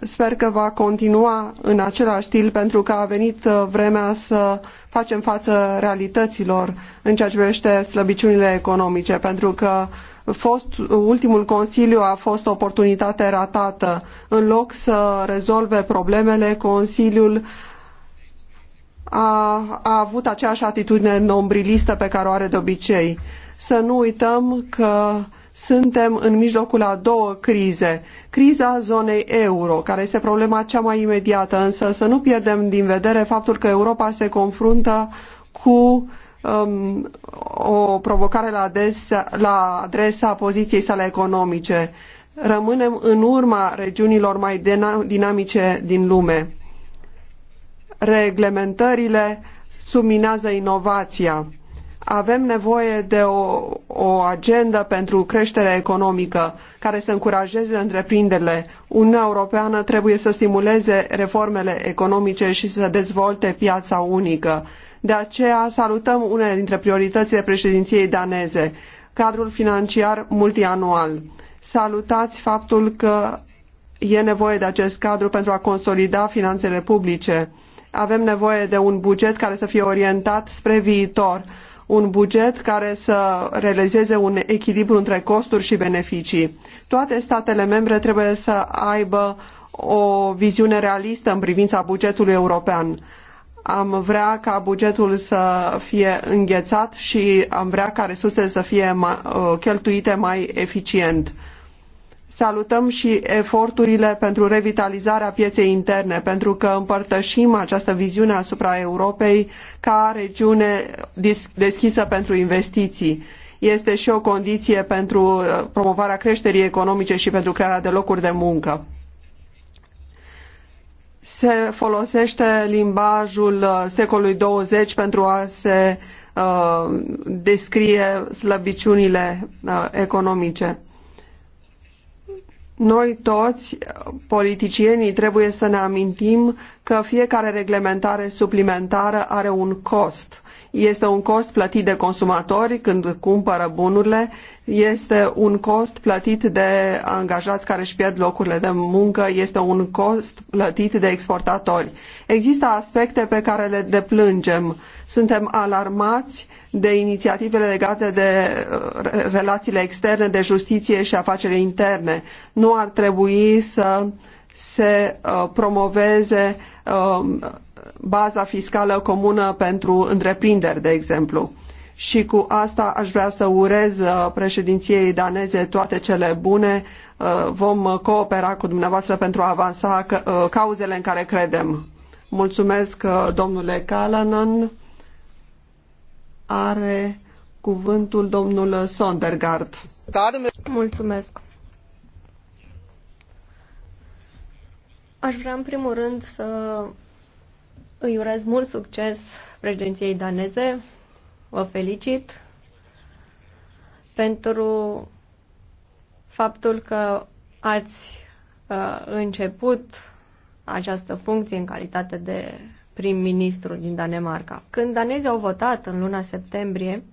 Sper că va continua în același stil pentru că a venit uh, vremea să facem față realităților în ceea ce privește slăbiciunile economice, pentru că fost, ultimul Consiliu a fost o oportunitate ratată. În loc să rezolve problemele, Consiliul a, a avut aceeași atitudine nombrilistă pe care o are de obicei. Să nu uităm că suntem în mijlocul a două crize. Criza zonei euro, care este problema cea mai imediată, însă să nu pierdem din vedere faptul că Europa se confruntă cu um, o provocare la, la adresa poziției sale economice. Rămânem în urma regiunilor mai dinamice din lume. Reglementările subminează inovația avem nevoie de o, o agendă pentru creștere economică care să încurajeze întreprinderile. Uniunea Europeană trebuie să stimuleze reformele economice și să dezvolte piața unică. De aceea salutăm unele dintre prioritățile președinției daneze, cadrul financiar multianual. Salutați faptul că e nevoie de acest cadru pentru a consolida finanțele publice avem nevoie de un buget care să fie orientat spre viitor un buget care să realizeze un echilibru între costuri și beneficii. Toate statele membre trebuie să aibă o viziune realistă în privința bugetului european. Am vrea ca bugetul să fie înghețat și am vrea ca resursele să fie cheltuite mai eficient. Salutăm și eforturile pentru revitalizarea pieței interne, pentru că împărtășim această viziune asupra Europei ca regiune deschisă pentru investiții. Este și o condiție pentru uh, promovarea creșterii economice și pentru crearea de locuri de muncă se folosește limbajul uh, secolului 20 pentru a se uh, descrie slăbiciunile uh, economice. Noi toți, politicienii, trebuie să ne amintim că fiecare reglementare suplimentară are un cost este un cost plătit de consumatori când cumpără bunurile, este un cost plătit de angajați care își pierd locurile de muncă, este un cost plătit de exportatori. Există aspecte pe care le deplângem. Suntem alarmați de inițiativele legate de uh, relațiile externe, de justiție și afaceri interne. Nu ar trebui să se uh, promoveze Um, baza fiscală comună pentru întreprinderi, de exemplu. Și cu asta aș vrea să urez uh, președinției daneze toate cele bune. Uh, vom coopera cu dumneavoastră pentru a avansa uh, cauzele în care credem. Mulțumesc, domnule Callanan. Are cuvântul domnul Sondergaard. Mulțumesc. Aș vrea în primul rând să îi urez mult succes președinției daneze. Vă felicit pentru faptul că ați uh, început această funcție în calitate de prim-ministru din Danemarca. Când danezii au votat în luna septembrie,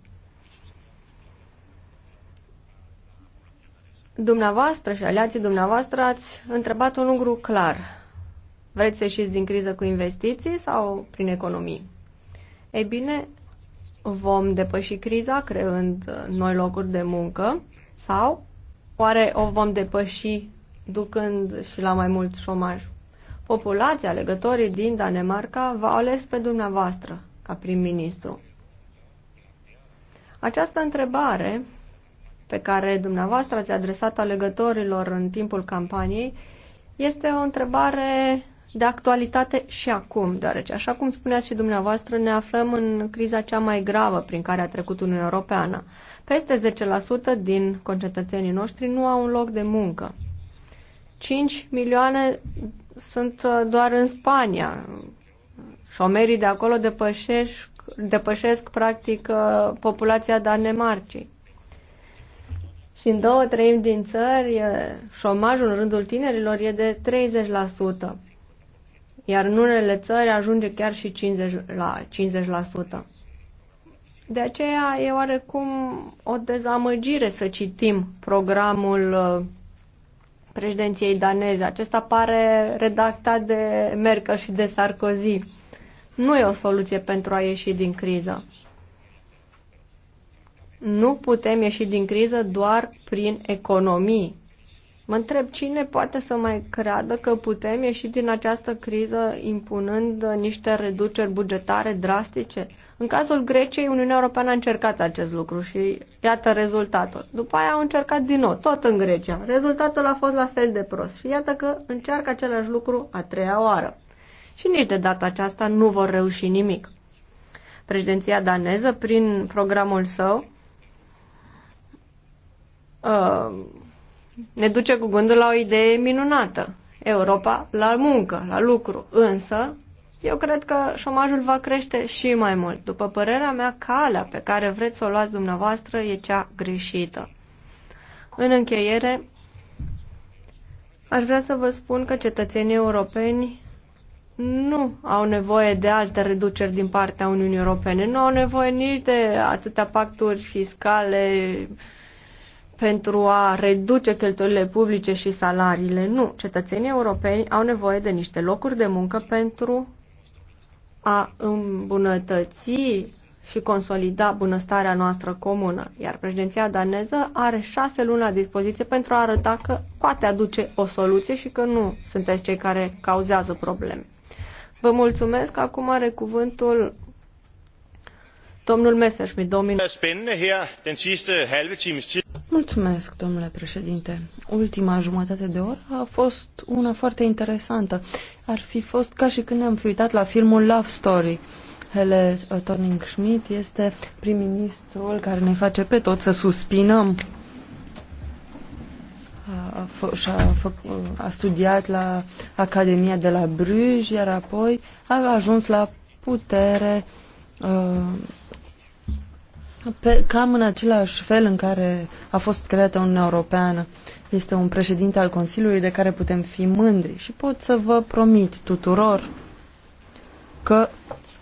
Dumneavoastră și aliații dumneavoastră ați întrebat un lucru clar. Vreți să ieșiți din criză cu investiții sau prin economii? Ei bine, vom depăși criza creând uh, noi locuri de muncă sau oare o vom depăși ducând și la mai mult șomaj? Populația, legătorii din Danemarca v-au ales pe dumneavoastră ca prim-ministru. Această întrebare pe care dumneavoastră ați adresat alegătorilor în timpul campaniei este o întrebare de actualitate și acum, deoarece, așa cum spuneați și dumneavoastră, ne aflăm în criza cea mai gravă prin care a trecut Uniunea Europeană. Peste 10% din concetățenii noștri nu au un loc de muncă. 5 milioane sunt uh, doar în Spania. Șomerii de acolo depășesc, depășesc practic uh, populația Danemarcei. Și în două treimi din țări, șomajul în rândul tinerilor e de 30%, iar în unele țări ajunge chiar și 50 la 50%. De aceea e oarecum o dezamăgire să citim programul președinției daneze. Acesta pare redactat de Merkel și de Sarkozy. Nu e o soluție pentru a ieși din criză nu putem ieși din criză doar prin economii. Mă întreb cine poate să mai creadă că putem ieși din această criză impunând niște reduceri bugetare drastice? În cazul Greciei, Uniunea Europeană a încercat acest lucru și iată rezultatul. După aia au încercat din nou, tot în Grecia. Rezultatul a fost la fel de prost și iată că încearcă același lucru a treia oară. Și nici de data aceasta nu vor reuși nimic. Președinția daneză, prin programul său, uh, ne duce cu gândul la o idee minunată. Europa la muncă, la lucru. Însă, eu cred că șomajul va crește și mai mult. După părerea mea, calea pe care vreți să o luați dumneavoastră e cea greșită. În încheiere, aș vrea să vă spun că cetățenii europeni nu au nevoie de alte reduceri din partea Uniunii Europene, nu au nevoie nici de atâtea pacturi fiscale, pentru a reduce cheltuielile publice și salariile. Nu, cetățenii europeni au nevoie de niște locuri de muncă pentru a îmbunătăți și consolida bunăstarea noastră comună, iar președinția daneză are șase luni la dispoziție pentru a arăta că poate aduce o soluție și că nu sunteți cei care cauzează probleme. Vă mulțumesc. Acum are cuvântul Domnul Messerschmidt, domnul. Er Mulțumesc, domnule președinte. Ultima jumătate de oră a fost una foarte interesantă. Ar fi fost ca și când ne-am fi uitat la filmul Love Story. Hele uh, Torning Schmidt este prim-ministrul care ne face pe toți să suspinăm. A, a, uh, a studiat la Academia de la Bruges, iar apoi a ajuns la putere uh, pe, cam în același fel în care a fost creată Uniunea Europeană. Este un președinte al Consiliului de care putem fi mândri și pot să vă promit tuturor că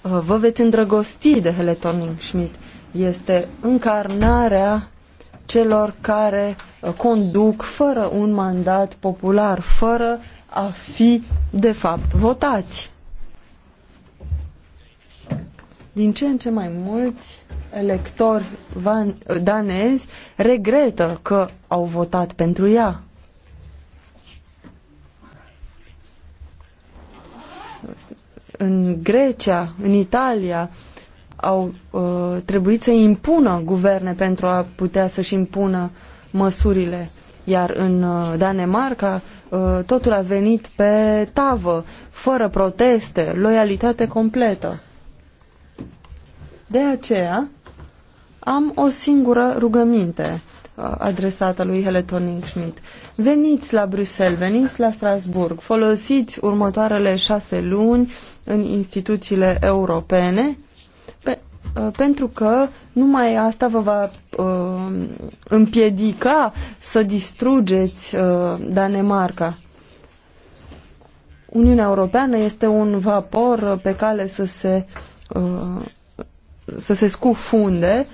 uh, vă veți îndrăgosti de Hele Schmidt. Este încarnarea celor care uh, conduc fără un mandat popular, fără a fi, de fapt, votați. Din ce în ce mai mulți electori van, danezi regretă că au votat pentru ea. În Grecia, în Italia, au uh, trebuit să impună guverne pentru a putea să-și impună măsurile. Iar în uh, Danemarca uh, totul a venit pe tavă, fără proteste, loialitate completă. De aceea am o singură rugăminte uh, adresată lui Hele Schmidt. Veniți la Bruxelles, veniți la Strasburg, folosiți următoarele șase luni în instituțiile europene pe, uh, pentru că numai asta vă va uh, împiedica să distrugeți uh, Danemarca. Uniunea Europeană este un vapor pe cale să se uh, să se scufunde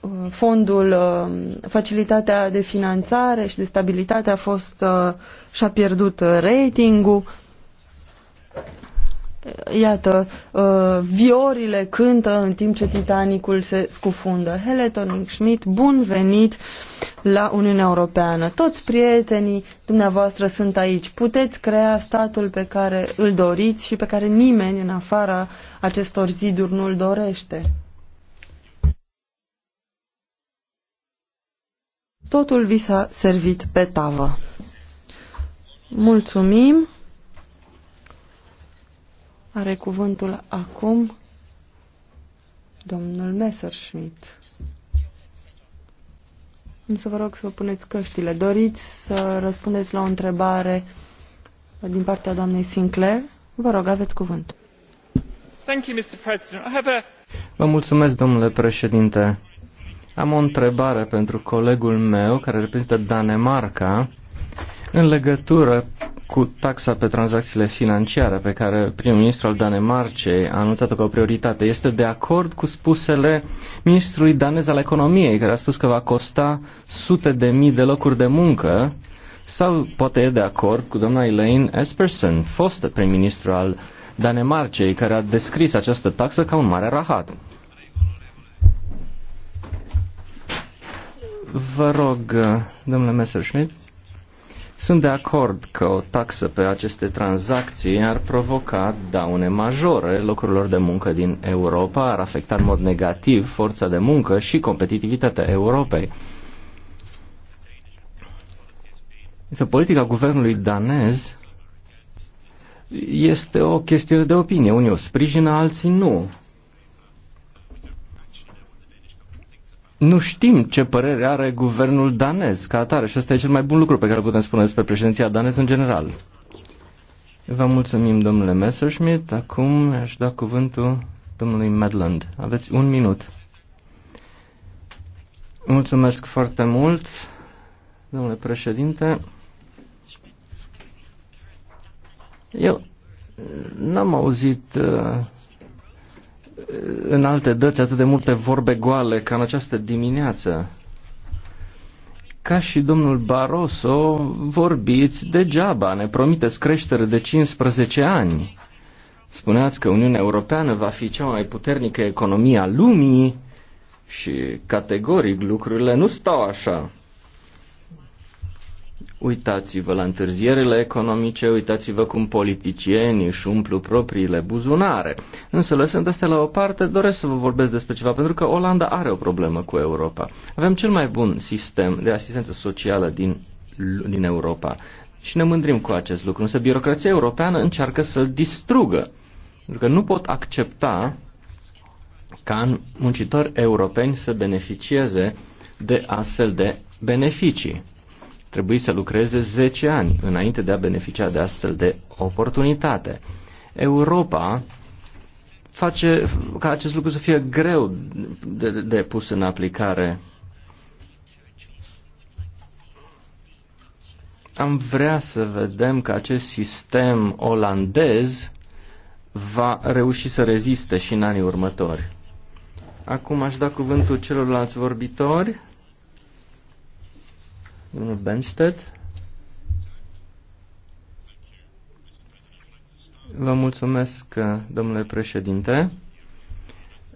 uh, fondul, uh, facilitatea de finanțare și de stabilitate a fost uh, și-a pierdut ratingul Iată, uh, viorile cântă în timp ce Titanicul se scufundă. Hele Schmidt, bun venit la Uniunea Europeană. Toți prietenii dumneavoastră sunt aici. Puteți crea statul pe care îl doriți și pe care nimeni în afara acestor ziduri nu îl dorește. Totul vi s-a servit pe tavă. Mulțumim! Are cuvântul acum domnul Messerschmidt. Am să vă rog să vă puneți căștile. Doriți să răspundeți la o întrebare din partea doamnei Sinclair? Vă rog, aveți cuvântul. Thank you, Mr. President. I have a... Vă mulțumesc, domnule președinte. Am o întrebare pentru colegul meu, care reprezintă Danemarca, în legătură cu taxa pe tranzacțiile financiare pe care primul ministru al Danemarcei a anunțat-o ca o prioritate. Este de acord cu spusele ministrului danez al economiei, care a spus că va costa sute de mii de locuri de muncă, sau poate e de acord cu doamna Elaine Esperson, fostă prim-ministru al Danemarcei, care a descris această taxă ca un mare rahat. Vă rog, domnule Messerschmidt. Sunt de acord că o taxă pe aceste tranzacții ar provoca daune majore locurilor de muncă din Europa, ar afecta în mod negativ forța de muncă și competitivitatea Europei. Însă politica guvernului danez este o chestiune de opinie. Unii o sprijină, alții nu. Nu știm ce părere are guvernul danez ca atare și asta e cel mai bun lucru pe care îl putem spune despre președinția daneză în general. Vă mulțumim, domnule Messerschmidt. Acum aș da cuvântul domnului Medland. Aveți un minut. Mulțumesc foarte mult, domnule președinte. Eu n-am auzit uh, în alte dăți atât de multe vorbe goale ca în această dimineață. Ca și domnul Barroso, vorbiți degeaba, ne promiteți creștere de 15 ani. Spuneați că Uniunea Europeană va fi cea mai puternică economie a lumii și categoric lucrurile nu stau așa. Uitați-vă la întârzierile economice, uitați-vă cum politicienii își umplu propriile buzunare. Însă, lăsând astea la o parte, doresc să vă vorbesc despre ceva, pentru că Olanda are o problemă cu Europa. Avem cel mai bun sistem de asistență socială din, din Europa și ne mândrim cu acest lucru. Însă, birocrația europeană încearcă să-l distrugă, pentru că nu pot accepta ca muncitori europeni să beneficieze de astfel de beneficii trebui să lucreze 10 ani înainte de a beneficia de astfel de oportunitate. Europa face ca acest lucru să fie greu de, de pus în aplicare. Am vrea să vedem că acest sistem olandez va reuși să reziste și în anii următori. Acum aș da cuvântul celorlalți vorbitori. Domnul Benstedt. Vă mulțumesc, domnule președinte.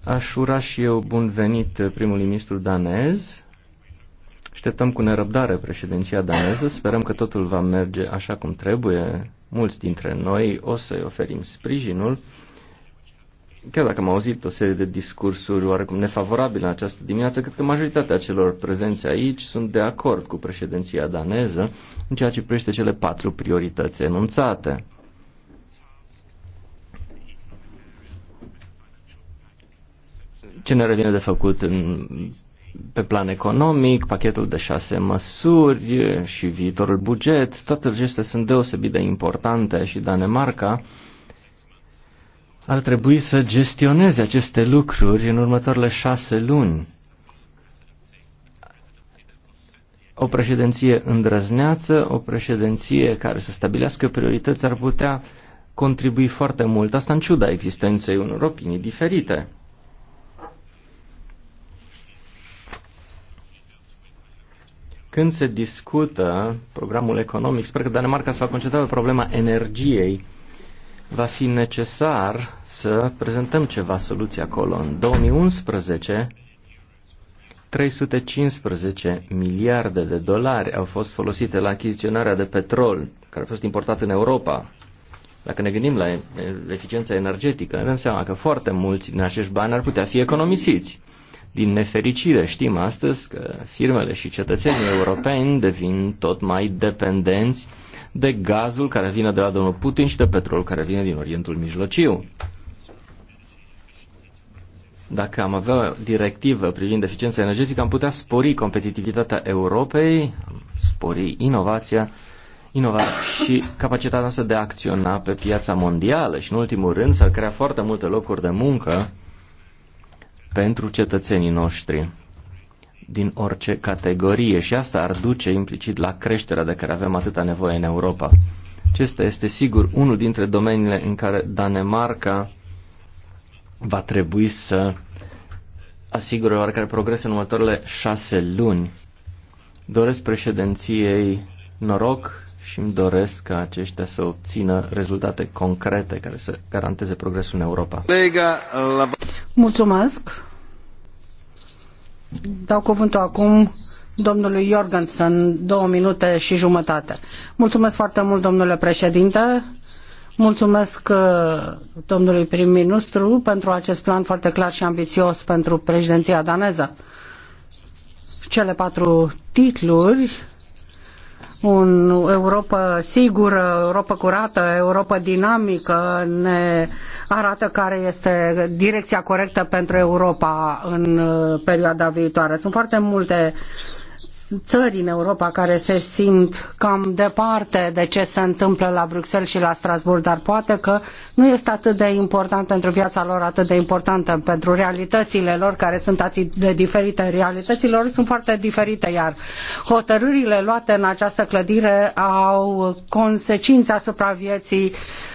Aș ura și eu bun venit primului ministru danez. Așteptăm cu nerăbdare președinția daneză. Sperăm că totul va merge așa cum trebuie. Mulți dintre noi o să-i oferim sprijinul chiar dacă am auzit o serie de discursuri oarecum nefavorabile în această dimineață, cred că majoritatea celor prezenți aici sunt de acord cu președinția daneză în ceea ce privește cele patru priorități enunțate. Ce ne revine de făcut în, pe plan economic, pachetul de șase măsuri și viitorul buget, toate acestea sunt deosebit de importante și Danemarca ar trebui să gestioneze aceste lucruri în următoarele șase luni. O președinție îndrăzneață, o președinție care să stabilească priorități ar putea contribui foarte mult, asta în ciuda existenței unor opinii diferite. Când se discută programul economic, sper că Danemarca se va concentra pe problema energiei, va fi necesar să prezentăm ceva soluții acolo. În 2011, 315 miliarde de dolari au fost folosite la achiziționarea de petrol care a fost importat în Europa. Dacă ne gândim la eficiența energetică, ne dăm seama că foarte mulți din acești bani ar putea fi economisiți. Din nefericire știm astăzi că firmele și cetățenii europeni devin tot mai dependenți de gazul care vine de la domnul Putin și de petrolul care vine din Orientul Mijlociu. Dacă am avea o directivă privind eficiența energetică, am putea spori competitivitatea Europei, spori inovația, inova și capacitatea noastră de a acționa pe piața mondială și, în ultimul rând, s-ar crea foarte multe locuri de muncă pentru cetățenii noștri din orice categorie și asta ar duce implicit la creșterea de care avem atâta nevoie în Europa. Acesta este sigur unul dintre domeniile în care Danemarca va trebui să asigure oarecare progres în următoarele șase luni. Doresc președinției noroc și îmi doresc ca aceștia să obțină rezultate concrete care să garanteze progresul în Europa. Mulțumesc! Dau cuvântul acum domnului Jorgensen, două minute și jumătate. Mulțumesc foarte mult, domnule președinte. Mulțumesc uh, domnului prim-ministru pentru acest plan foarte clar și ambițios pentru președinția daneză. Cele patru titluri un Europa sigură, Europa curată, Europa dinamică ne arată care este direcția corectă pentru Europa în uh, perioada viitoare. Sunt foarte multe țări în Europa care se simt cam departe de ce se întâmplă la Bruxelles și la Strasbourg, dar poate că nu este atât de important pentru viața lor, atât de importantă pentru realitățile lor care sunt atât de diferite. Realitățile lor sunt foarte diferite, iar hotărârile luate în această clădire au consecințe asupra vieții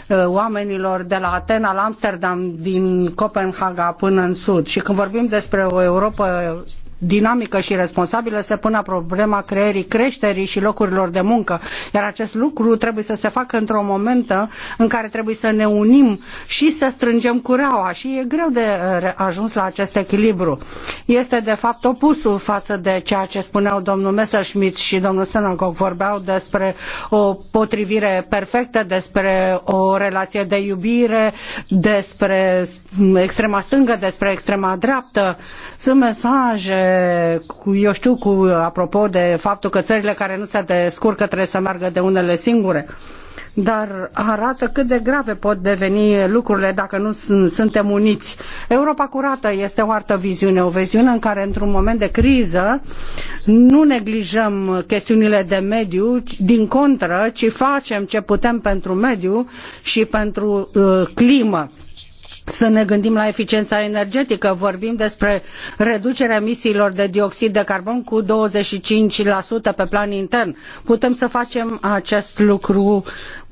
uh, oamenilor de la Atena la Amsterdam, din Copenhaga până în sud. Și când vorbim despre o Europa dinamică și responsabilă se pună problema creierii creșterii și locurilor de muncă. Iar acest lucru trebuie să se facă într-o momentă în care trebuie să ne unim și să strângem cureaua și e greu de uh, ajuns la acest echilibru. Este de fapt opusul față de ceea ce spuneau domnul Messerschmidt și domnul Senagog vorbeau despre o potrivire perfectă, despre o relație de iubire, despre extrema stângă, despre extrema dreaptă. Sunt mesaje cu, eu știu, cu, apropo de faptul că țările care nu se descurcă trebuie să meargă de unele singure, dar arată cât de grave pot deveni lucrurile dacă nu suntem uniți. Europa curată este o altă viziune, o viziune în care într-un moment de criză nu neglijăm chestiunile de mediu, din contră, ci facem ce putem pentru mediu și pentru uh, climă să ne gândim la eficiența energetică. Vorbim despre reducerea emisiilor de dioxid de carbon cu 25% pe plan intern. Putem să facem acest lucru,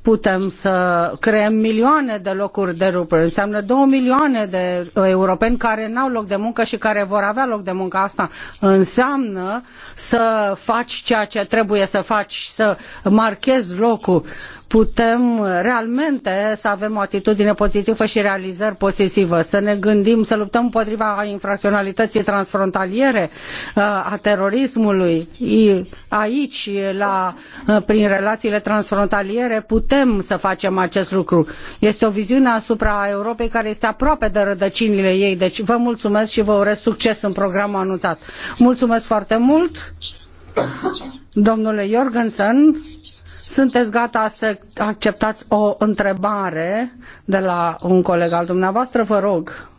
putem să creăm milioane de locuri de muncă. Înseamnă 2 milioane de europeni care n-au loc de muncă și care vor avea loc de muncă. Asta înseamnă să faci ceea ce trebuie să faci, să marchezi locul putem realmente să avem o atitudine pozitivă și realizări pozitive, să ne gândim, să luptăm împotriva infracționalității transfrontaliere, uh, a terorismului. Aici, la, uh, prin relațiile transfrontaliere, putem să facem acest lucru. Este o viziune asupra Europei care este aproape de rădăcinile ei. Deci vă mulțumesc și vă urez succes în programul anunțat. Mulțumesc foarte mult! Domnule Jorgensen, sunteți gata să acceptați o întrebare de la un coleg al dumneavoastră? Vă rog.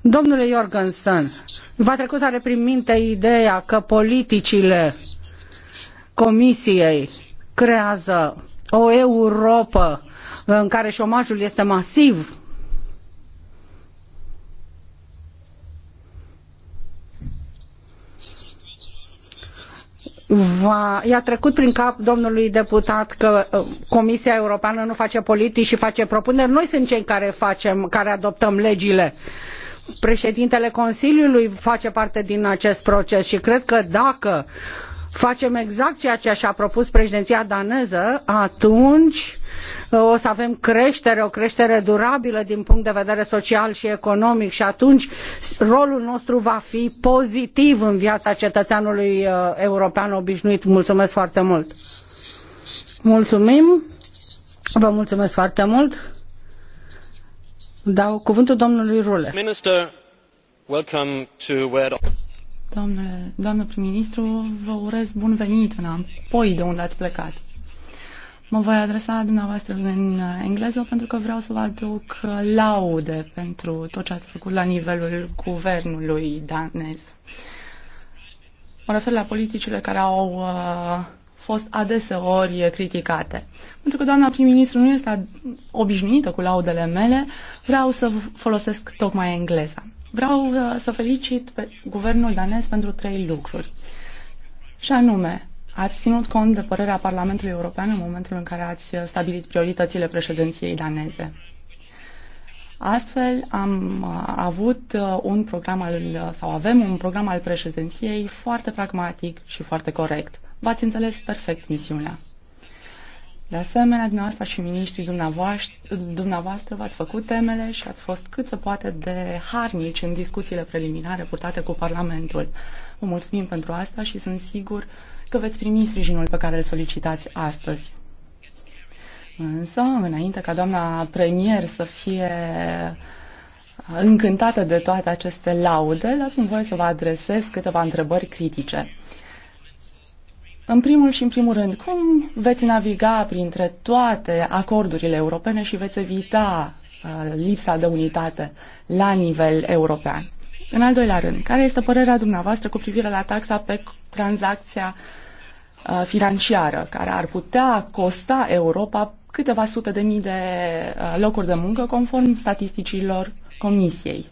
Domnule Jorgensen, v-a trecut are prin minte ideea că politicile Comisiei creează o Europa în care șomajul este masiv va, i-a trecut prin cap domnului deputat că uh, Comisia Europeană nu face politici și face propuneri. Noi suntem cei care facem, care adoptăm legile. Președintele Consiliului face parte din acest proces și cred că dacă facem exact ceea ce și-a propus președinția daneză, atunci uh, o să avem creștere, o creștere durabilă din punct de vedere social și economic și atunci rolul nostru va fi pozitiv în viața cetățeanului uh, european obișnuit. Mulțumesc foarte mult! Mulțumim! Vă mulțumesc foarte mult! Dau cuvântul domnului Rule. Minister, welcome to where domnule, doamnă prim-ministru, vă urez bun venit înapoi de unde ați plecat. Mă voi adresa dumneavoastră în engleză pentru că vreau să vă aduc laude pentru tot ce ați făcut la nivelul guvernului danez. Mă refer la politicile care au uh, fost adeseori criticate. Pentru că doamna prim-ministru nu este obișnuită cu laudele mele, vreau să folosesc tocmai engleza. Vreau uh, să felicit pe guvernul danez pentru trei lucruri. Și anume, ați ținut cont de părerea Parlamentului European în momentul în care ați stabilit prioritățile președinției daneze. Astfel, am uh, avut uh, un program al, sau avem un program al președinției foarte pragmatic și foarte corect. V-ați înțeles perfect misiunea. De asemenea, dumneavoastră și miniștrii dumneavoastră, dumneavoastră v-ați făcut temele și ați fost cât se poate de harnici în discuțiile preliminare purtate cu Parlamentul. Vă mulțumim pentru asta și sunt sigur că veți primi sprijinul pe care îl solicitați astăzi. Însă, înainte ca doamna premier să fie încântată de toate aceste laude, dați-mi voie să vă adresez câteva întrebări critice. În primul și în primul rând, cum veți naviga printre toate acordurile europene și veți evita uh, lipsa de unitate la nivel european? În al doilea rând, care este părerea dumneavoastră cu privire la taxa pe tranzacția uh, financiară, care ar putea costa Europa câteva sute de mii de uh, locuri de muncă conform statisticilor Comisiei?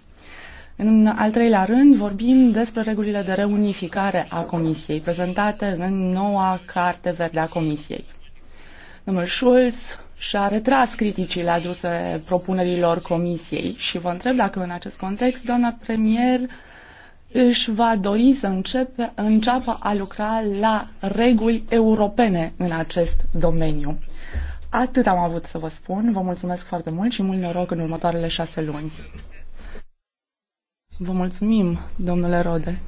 În al treilea rând, vorbim despre regulile de reunificare a Comisiei, prezentate în noua carte verde a Comisiei. Domnul Schulz și-a retras criticile aduse propunerilor Comisiei și vă întreb dacă în acest context, doamna premier, își va dori să începe, înceapă a lucra la reguli europene în acest domeniu. Atât am avut să vă spun, vă mulțumesc foarte mult și mult noroc în următoarele șase luni. Vă mulțumim, domnule Rode.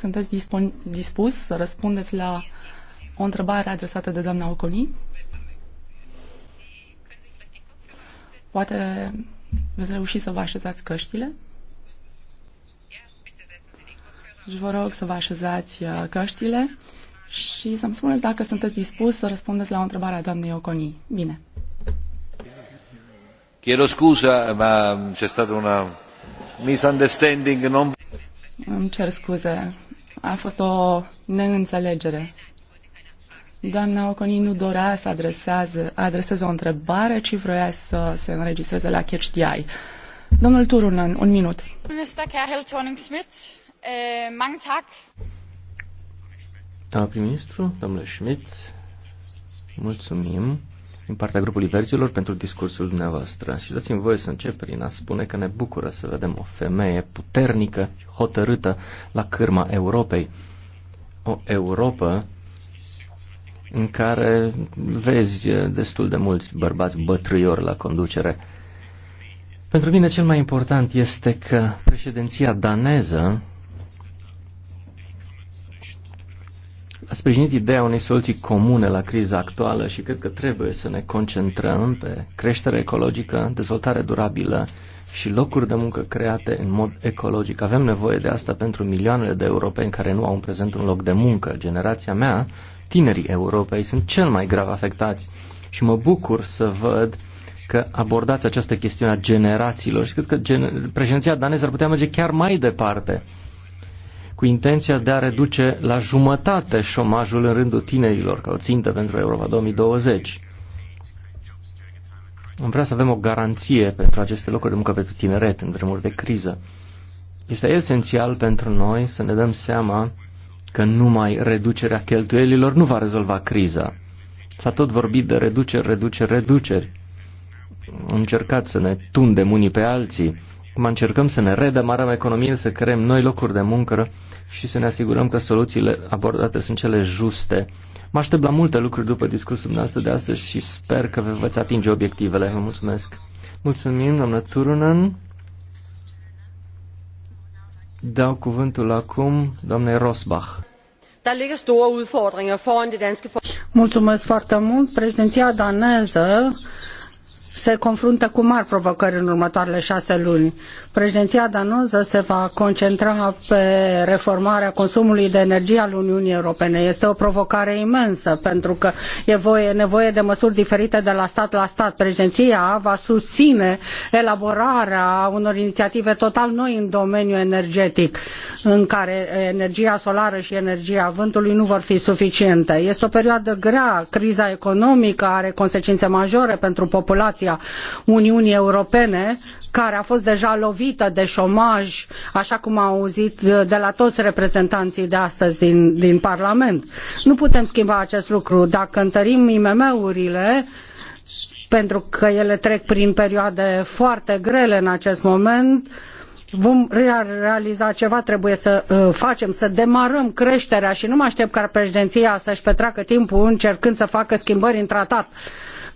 Sunteți dispus să răspundeți la o întrebare adresată de doamna Ocoli? Poate veți reuși să vă așezați căștile? Și deci vă rog să vă așezați uh, căștile și să-mi spuneți dacă sunteți dispus să răspundeți la o întrebare a doamnei Oconi. Bine. Chiedo scuza, ma c'è stata una misunderstanding. Non... Îmi cer scuze. A fost o neînțelegere. Doamna Oconi nu dorea să adresează, adreseze o întrebare, ci vroia să se înregistreze la Catch the Eye. Domnul Turunen, un minut. Minister Herr Thorning-Schmidt, øh, mange tak. Doamna prim-ministru, domnule Schmidt, mulțumim din partea grupului verzilor pentru discursul dumneavoastră și dați-mi voie să încep prin a spune că ne bucură să vedem o femeie puternică și hotărâtă la cârma Europei. O Europa în care vezi destul de mulți bărbați bătrâiori la conducere. Pentru mine cel mai important este că președinția daneză a sprijinit ideea unei soluții comune la criza actuală și cred că trebuie să ne concentrăm pe creștere ecologică, dezvoltare durabilă și locuri de muncă create în mod ecologic. Avem nevoie de asta pentru milioanele de europeni care nu au în prezent un loc de muncă. Generația mea, tinerii Europei, sunt cel mai grav afectați și mă bucur să văd că abordați această chestiune a generațiilor și cred că gen- președinția daneză ar putea merge chiar mai departe cu intenția de a reduce la jumătate șomajul în rândul tinerilor, ca o țintă pentru Europa 2020. Am vrea să avem o garanție pentru aceste locuri de muncă pentru tineret în vremuri de criză. Este esențial pentru noi să ne dăm seama că numai reducerea cheltuielilor nu va rezolva criza. S-a tot vorbit de reduceri, reduceri, reduceri. Încercați să ne tundem unii pe alții mai încercăm să ne redemarăm economie, să creăm noi locuri de muncă și să ne asigurăm că soluțiile abordate sunt cele juste. Mă aștept la multe lucruri după discursul dumneavoastră de astăzi și sper că vă veți atinge obiectivele. Vă mulțumesc. Mulțumim, doamnă Turunen. Dau cuvântul acum doamnei Rosbach. Mulțumesc foarte mult. Președinția daneză se confruntă cu mari provocări în următoarele șase luni. Președinția danoză se va concentra pe reformarea consumului de energie al Uniunii Europene. Este o provocare imensă pentru că e voie, nevoie de măsuri diferite de la stat la stat. Președinția va susține elaborarea unor inițiative total noi în domeniul energetic, în care energia solară și energia vântului nu vor fi suficiente. Este o perioadă grea, criza economică are consecințe majore pentru populația Uniunii Europene, care a fost deja lovită de șomaj, așa cum am auzit de la toți reprezentanții de astăzi din, din Parlament. Nu putem schimba acest lucru. Dacă întărim IMM-urile, pentru că ele trec prin perioade foarte grele în acest moment, vom realiza ceva, trebuie să uh, facem, să demarăm creșterea și nu mă aștept ca președinția să-și petreacă timpul încercând să facă schimbări în tratat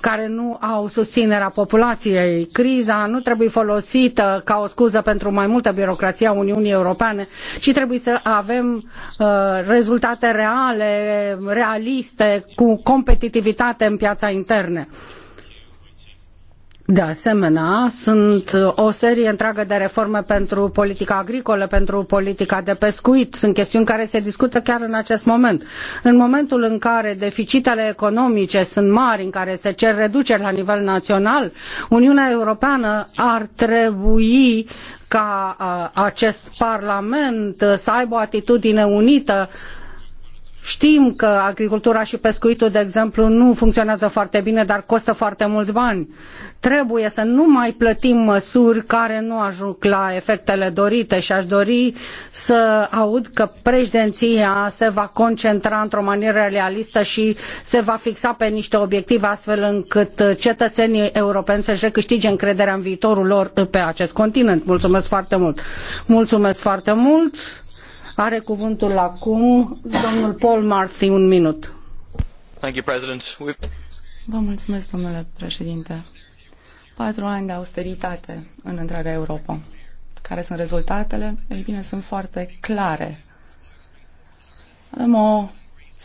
care nu au susținerea populației. Criza nu trebuie folosită ca o scuză pentru mai multă birocrație a Uniunii Europene, ci trebuie să avem uh, rezultate reale, realiste, cu competitivitate în piața internă. De asemenea, sunt o serie întreagă de reforme pentru politica agricolă, pentru politica de pescuit. Sunt chestiuni care se discută chiar în acest moment. În momentul în care deficitele economice sunt mari, în care se cer reduceri la nivel național, Uniunea Europeană ar trebui ca uh, acest Parlament să aibă o atitudine unită Știm că agricultura și pescuitul, de exemplu, nu funcționează foarte bine, dar costă foarte mulți bani. Trebuie să nu mai plătim măsuri care nu ajung la efectele dorite și aș dori să aud că președinția se va concentra într-o manieră realistă și se va fixa pe niște obiective astfel încât cetățenii europeni să-și recâștige încrederea în viitorul lor pe acest continent. Mulțumesc foarte mult! Mulțumesc foarte mult! Are cuvântul acum domnul Paul Murphy, un minut. Thank you, President. Vă mulțumesc, domnule președinte. Patru ani de austeritate în întreaga Europa. Care sunt rezultatele? Ei bine, sunt foarte clare. Avem o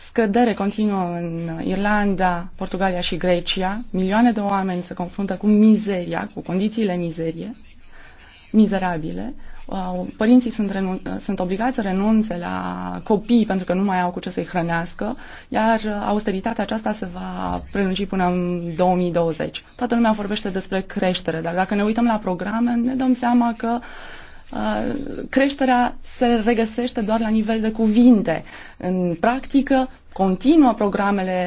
scădere continuă în Irlanda, Portugalia și Grecia. Milioane de oameni se confruntă cu mizeria, cu condițiile mizerie, mizerabile părinții sunt, renun- sunt obligați să renunțe la copii pentru că nu mai au cu ce să-i hrănească, iar austeritatea aceasta se va prelungi până în 2020. Toată lumea vorbește despre creștere, dar dacă ne uităm la programe, ne dăm seama că uh, creșterea se regăsește doar la nivel de cuvinte. În practică, continuă programele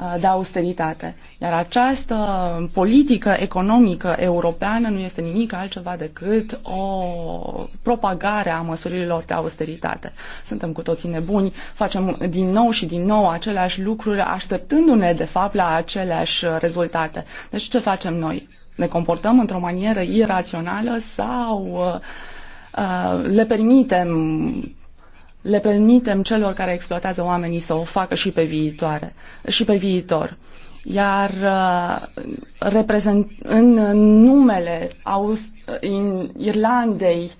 Uh, de austeritate. Iar această politică economică europeană nu este nimic altceva decât o propagare a măsurilor de austeritate. Suntem cu toții nebuni, facem din nou și din nou aceleași lucruri, așteptându-ne, de fapt, la aceleași rezultate. Deci ce facem noi? Ne comportăm într-o manieră irațională sau uh, uh le permitem le permitem celor care exploatează oamenii să o facă și pe, viitoare, și pe viitor. Iar uh, reprezent, în numele Aust- în Irlandei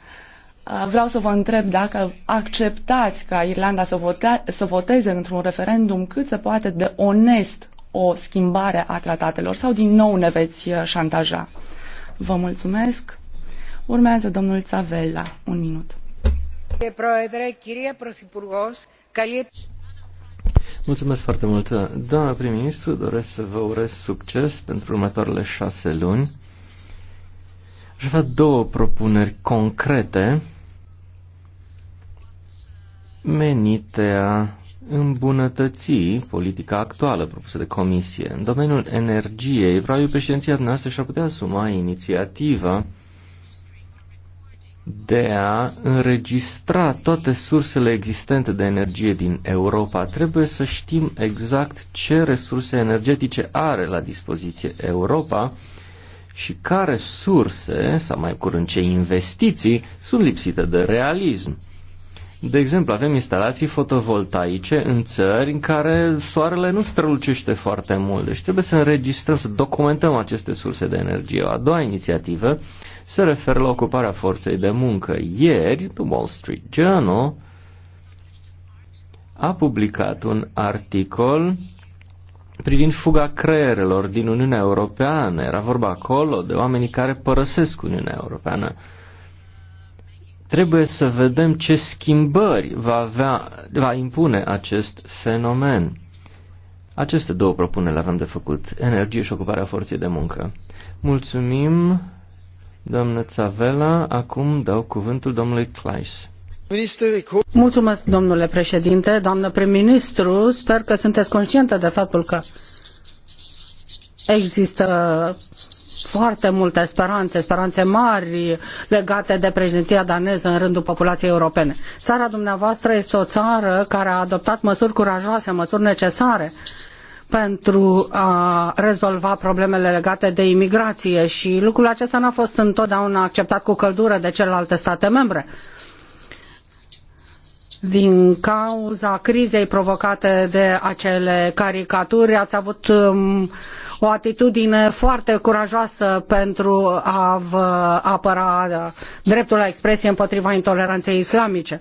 uh, vreau să vă întreb dacă acceptați ca Irlanda să, vote- să voteze într-un referendum cât se poate de onest o schimbare a tratatelor sau din nou ne veți uh, șantaja. Vă mulțumesc. Urmează domnul Țavella. Un minut. Mulțumesc foarte mult. Doamna prim-ministru, doresc să vă urez succes pentru următoarele șase luni. Aș avea două propuneri concrete menite a îmbunătăți politica actuală propusă de comisie. În domeniul energiei, probabil președinția noastră și-ar putea asuma inițiativa de a înregistra toate sursele existente de energie din Europa. Trebuie să știm exact ce resurse energetice are la dispoziție Europa și care surse, sau mai curând ce investiții, sunt lipsite de realism. De exemplu, avem instalații fotovoltaice în țări în care soarele nu strălucește foarte mult, deci trebuie să înregistrăm, să documentăm aceste surse de energie. O a doua inițiativă se referă la ocuparea forței de muncă. Ieri, The Wall Street Journal a publicat un articol privind fuga creierelor din Uniunea Europeană. Era vorba acolo de oamenii care părăsesc Uniunea Europeană. Trebuie să vedem ce schimbări va, avea, va impune acest fenomen. Aceste două propuneri le avem de făcut, energie și ocuparea forței de muncă. Mulțumim! Doamnă Țavela, acum dau cuvântul domnului Kleis. Mulțumesc, domnule președinte, doamnă prim-ministru. Sper că sunteți conștientă de faptul că există foarte multe speranțe, speranțe mari legate de președinția daneză în rândul populației europene. Țara dumneavoastră este o țară care a adoptat măsuri curajoase, măsuri necesare uh, pentru a rezolva problemele legate de imigrație și lucrul acesta n-a fost întotdeauna acceptat cu căldură de celelalte state membre. Din cauza crizei provocate de acele caricaturi, ați avut um, o atitudine foarte curajoasă pentru a vă apăra dreptul la expresie împotriva intoleranței islamice.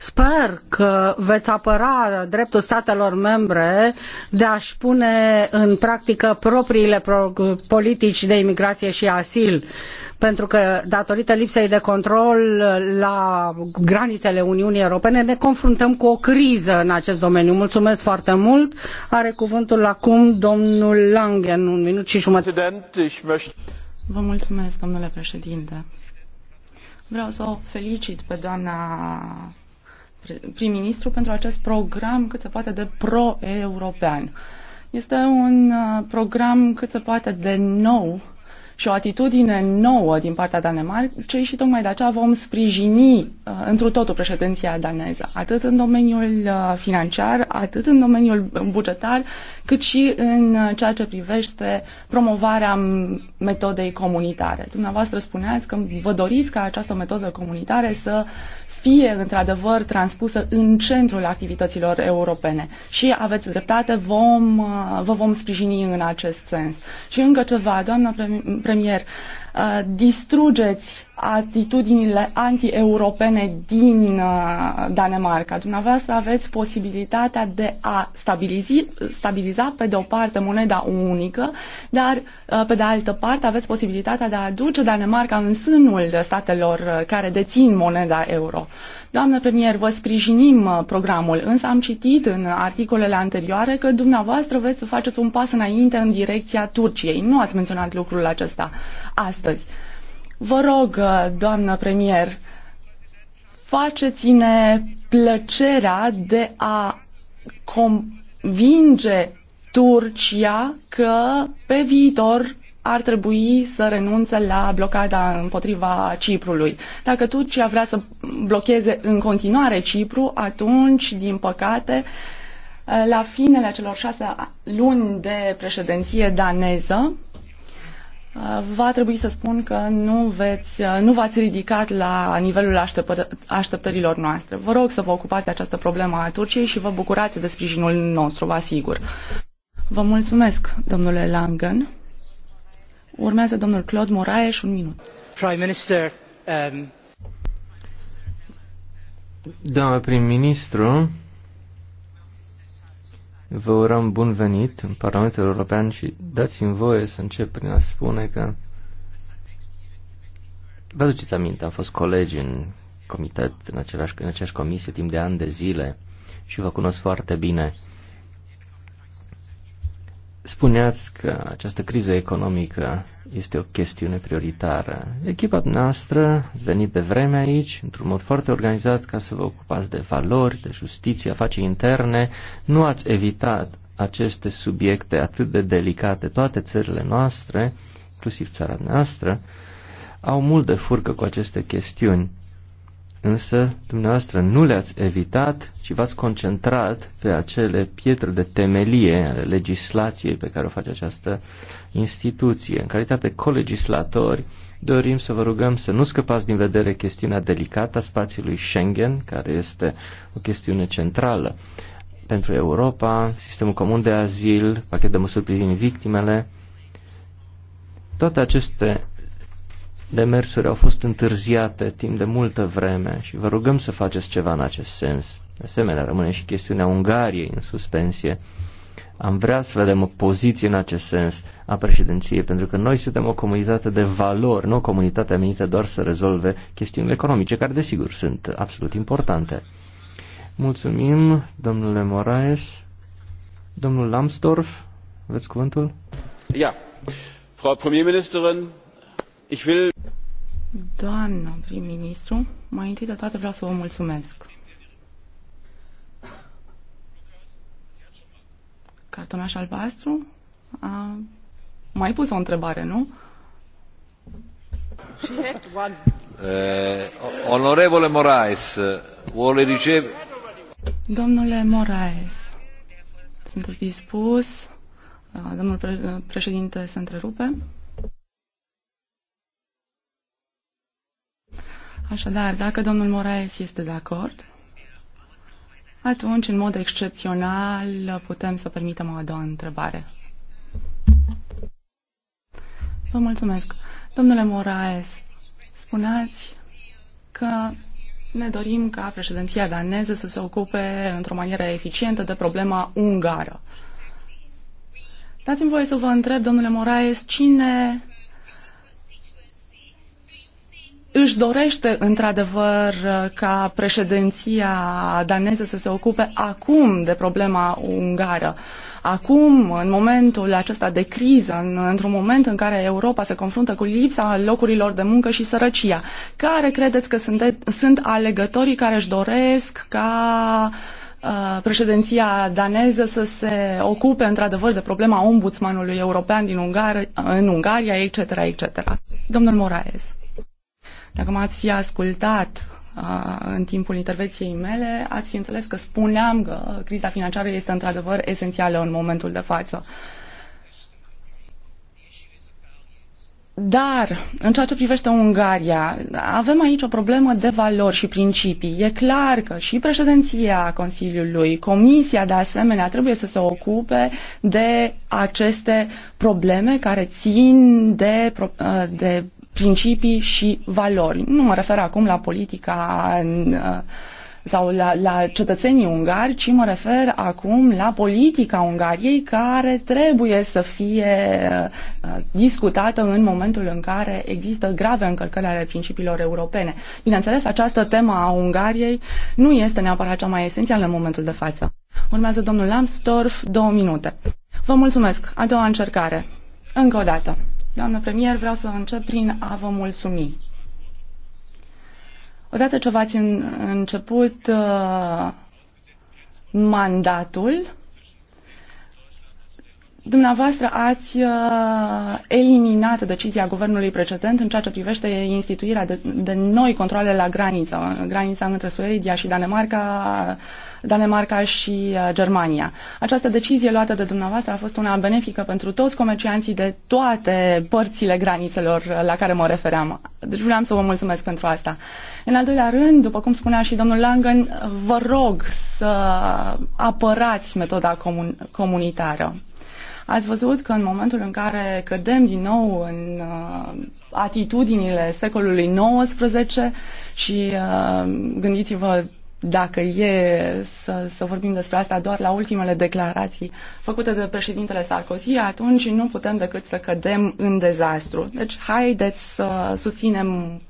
Sper că veți apăra dreptul statelor membre de a-și pune în practică propriile politici de imigrație și asil, pentru că datorită lipsei de control la granițele Uniunii Europene ne confruntăm cu o criză în acest domeniu. Mulțumesc foarte mult. Are cuvântul acum domnul Langen, un minut și jumătate. Vă mulțumesc, domnule președinte. Vreau să o felicit pe doamna prim-ministru pentru acest program cât se poate de pro-european. Este un uh, program cât se poate de nou și o atitudine nouă din partea Danemarcei și tocmai de aceea vom sprijini uh, întru totul președinția daneză, atât în domeniul uh, financiar, atât în domeniul bugetar, cât și în uh, ceea ce privește promovarea metodei comunitare. Dumneavoastră spuneați că vă doriți ca această metodă comunitară să fie într-adevăr transpusă în centrul activităților europene. Și aveți dreptate, vom, uh, vă vom sprijini în acest sens. Și încă ceva, doamna premier, uh, distrugeți atitudinile anti-europene din uh, Danemarca. Dumneavoastră aveți posibilitatea de a stabilizi, stabiliza pe de o parte moneda unică, dar uh, pe de altă parte aveți posibilitatea de a aduce Danemarca în sânul statelor uh, care dețin moneda euro. Doamnă premier, vă sprijinim programul, însă am citit în articolele anterioare că dumneavoastră vreți să faceți un pas înainte în direcția Turciei. Nu ați menționat lucrul acesta astăzi. Vă rog, doamnă premier, faceți-ne plăcerea de a convinge Turcia că pe viitor ar trebui să renunțe la blocada împotriva Ciprului. Dacă Turcia vrea să blocheze în continuare Cipru, atunci, din păcate, la finele celor șase luni de președinție daneză, Va trebui să spun că nu, veți, nu v-ați ridicat la nivelul așteptărilor noastre. Vă rog să vă ocupați de această problemă a Turciei și vă bucurați de sprijinul nostru, vă asigur. Vă mulțumesc, domnule Langen. Urmează domnul Claude Moraes, un minut. Prime Minister, um... Doamna prim-ministru, Vă urăm bun venit în Parlamentul European și dați-mi voie să încep prin a spune că vă aduceți aminte, am fost colegi în comitet, în aceeași, în aceeași comisie timp de ani de zile și vă cunosc foarte bine. Spuneați că această criză economică este o chestiune prioritară. Echipa noastră s-a venit de vreme aici, într-un mod foarte organizat, ca să vă ocupați de valori, de justiție, afaceri interne. Nu ați evitat aceste subiecte atât de delicate. Toate țările noastre, inclusiv țara noastră, au mult de furcă cu aceste chestiuni. Însă, dumneavoastră nu le-ați evitat, ci v-ați concentrat pe acele pietre de temelie ale legislației pe care o face această instituție. În calitate colegislatori, dorim să vă rugăm să nu scăpați din vedere chestiunea delicată a spațiului Schengen, care este o chestiune centrală pentru Europa, sistemul comun de azil, pachet de măsuri privind victimele. Toate aceste demersuri au fost întârziate timp de multă vreme și vă rugăm să faceți ceva în acest sens. De asemenea, rămâne și chestiunea Ungariei în suspensie. Am vrea să vedem o poziție în acest sens a președinției, pentru că noi suntem o comunitate de valori, nu o comunitate amenită doar să rezolve chestiunile economice, care desigur sunt absolut importante. Mulțumim, domnule Moraes. Domnul Lambsdorff, aveți cuvântul? Ja. Frau Premierministerin, Ich will... Doamna prim-ministru, mai întâi de toate vreau să vă mulțumesc. Cartonaș albastru a mai pus o întrebare, nu? Eh, onorevole Moraes, vuole riceve... Domnule Moraes, sunteți dispus? Eh, domnul președinte se întrerupe. Așadar, dacă domnul Moraes este de acord, atunci, în mod excepțional, putem să permitem o a doua întrebare. Vă mulțumesc. Domnule Moraes, spuneați că ne dorim ca președinția daneză să se ocupe într-o manieră eficientă de problema ungară. Dați-mi voie să vă întreb, domnule Moraes, cine își dorește într-adevăr ca președinția daneză să se ocupe acum de problema ungară. Acum, în momentul acesta de criză, în, într-un moment în care Europa se confruntă cu lipsa locurilor de muncă și sărăcia, care credeți că sunte, sunt alegătorii care își doresc ca uh, președinția daneză să se ocupe într-adevăr de problema ombudsmanului european din Ungar- în Ungaria, etc., etc. Domnul Moraes. Dacă m-ați fi ascultat uh, în timpul intervenției mele, ați fi înțeles că spuneam că criza financiară este într-adevăr esențială în momentul de față. Dar, în ceea ce privește Ungaria, avem aici o problemă de valori și principii. E clar că și președinția Consiliului, Comisia de asemenea, trebuie să se ocupe de aceste probleme care țin de, de principii și valori. Nu mă refer acum la politica în, uh, sau la, la cetățenii ungari, ci mă refer acum la politica Ungariei care trebuie să fie uh, discutată în momentul în care există grave încălcări ale principiilor europene. Bineînțeles, această temă a Ungariei nu este neapărat cea mai esențială în momentul de față. Urmează domnul Lambsdorff, două minute. Vă mulțumesc. A doua încercare. Încă o dată. Doamnă premier, vreau să încep prin a vă mulțumi. Odată ce v-ați început uh, mandatul, Dumneavoastră ați uh, eliminat decizia guvernului precedent în ceea ce privește instituirea de, de noi controle la graniță, granița între Suedia și Danemarca, Danemarca și uh, Germania. Această decizie luată de dumneavoastră a fost una benefică pentru toți comercianții de toate părțile granițelor uh, la care mă refeream. Deci vreau să vă mulțumesc pentru asta. În al doilea rând, după cum spunea și domnul Langen, vă rog să apărați metoda comun- comunitară. Ați văzut că în momentul în care cădem din nou în uh, atitudinile secolului XIX și uh, gândiți-vă dacă e să, să vorbim despre asta doar la ultimele declarații făcute de președintele Sarkozy, atunci nu putem decât să cădem în dezastru. Deci haideți să susținem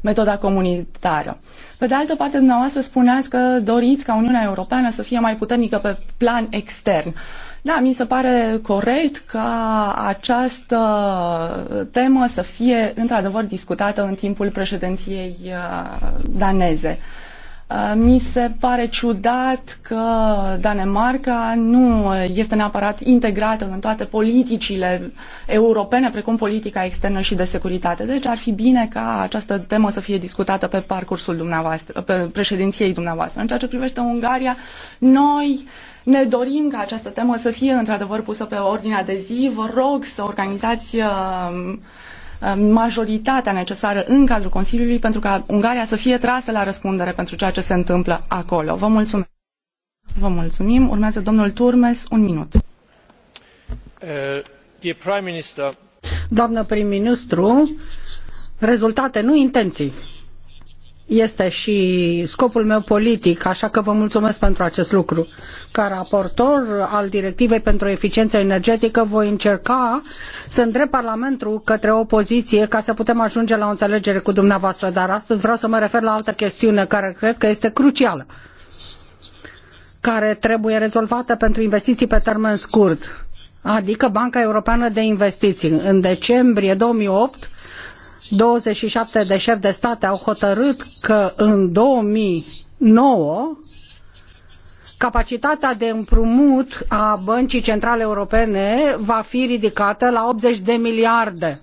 metoda comunitară. Pe de altă parte, dumneavoastră spuneați că doriți ca Uniunea Europeană să fie mai puternică pe plan extern. Uh, da, mi se pare corect ca această temă să fie într-adevăr discutată în timpul președinției uh, daneze. Uh, mi se pare ciudat că Danemarca nu este neapărat integrată în toate politicile europene, precum politica externă și de securitate. Deci ar fi bine ca această temă să fie discutată pe parcursul dumneavoastră, pe președinției dumneavoastră. În ceea ce privește Ungaria, noi ne dorim ca această temă să fie într-adevăr pusă pe ordinea de zi. Vă rog să organizați um, um, majoritatea necesară în cadrul Consiliului pentru ca Ungaria să fie trasă la răspundere pentru ceea ce se întâmplă acolo. Vă mulțumesc. Vă mulțumim. Urmează domnul Turmes, un minut. Uh, Doamnă prim-ministru, rezultate, nu intenții este și scopul meu politic, așa că vă mulțumesc pentru acest lucru. Ca raportor al Directivei pentru Eficiență Energetică voi încerca să îndrept Parlamentul către o poziție ca să putem ajunge la o înțelegere cu dumneavoastră, dar astăzi vreau să mă refer la altă chestiune care cred că este crucială care trebuie rezolvată pentru investiții pe termen scurt, adică Banca Europeană de Investiții. În decembrie 2008 27 de șefi de state au hotărât că în 2009 capacitatea de împrumut a Băncii Centrale Europene va fi ridicată la 80 de miliarde.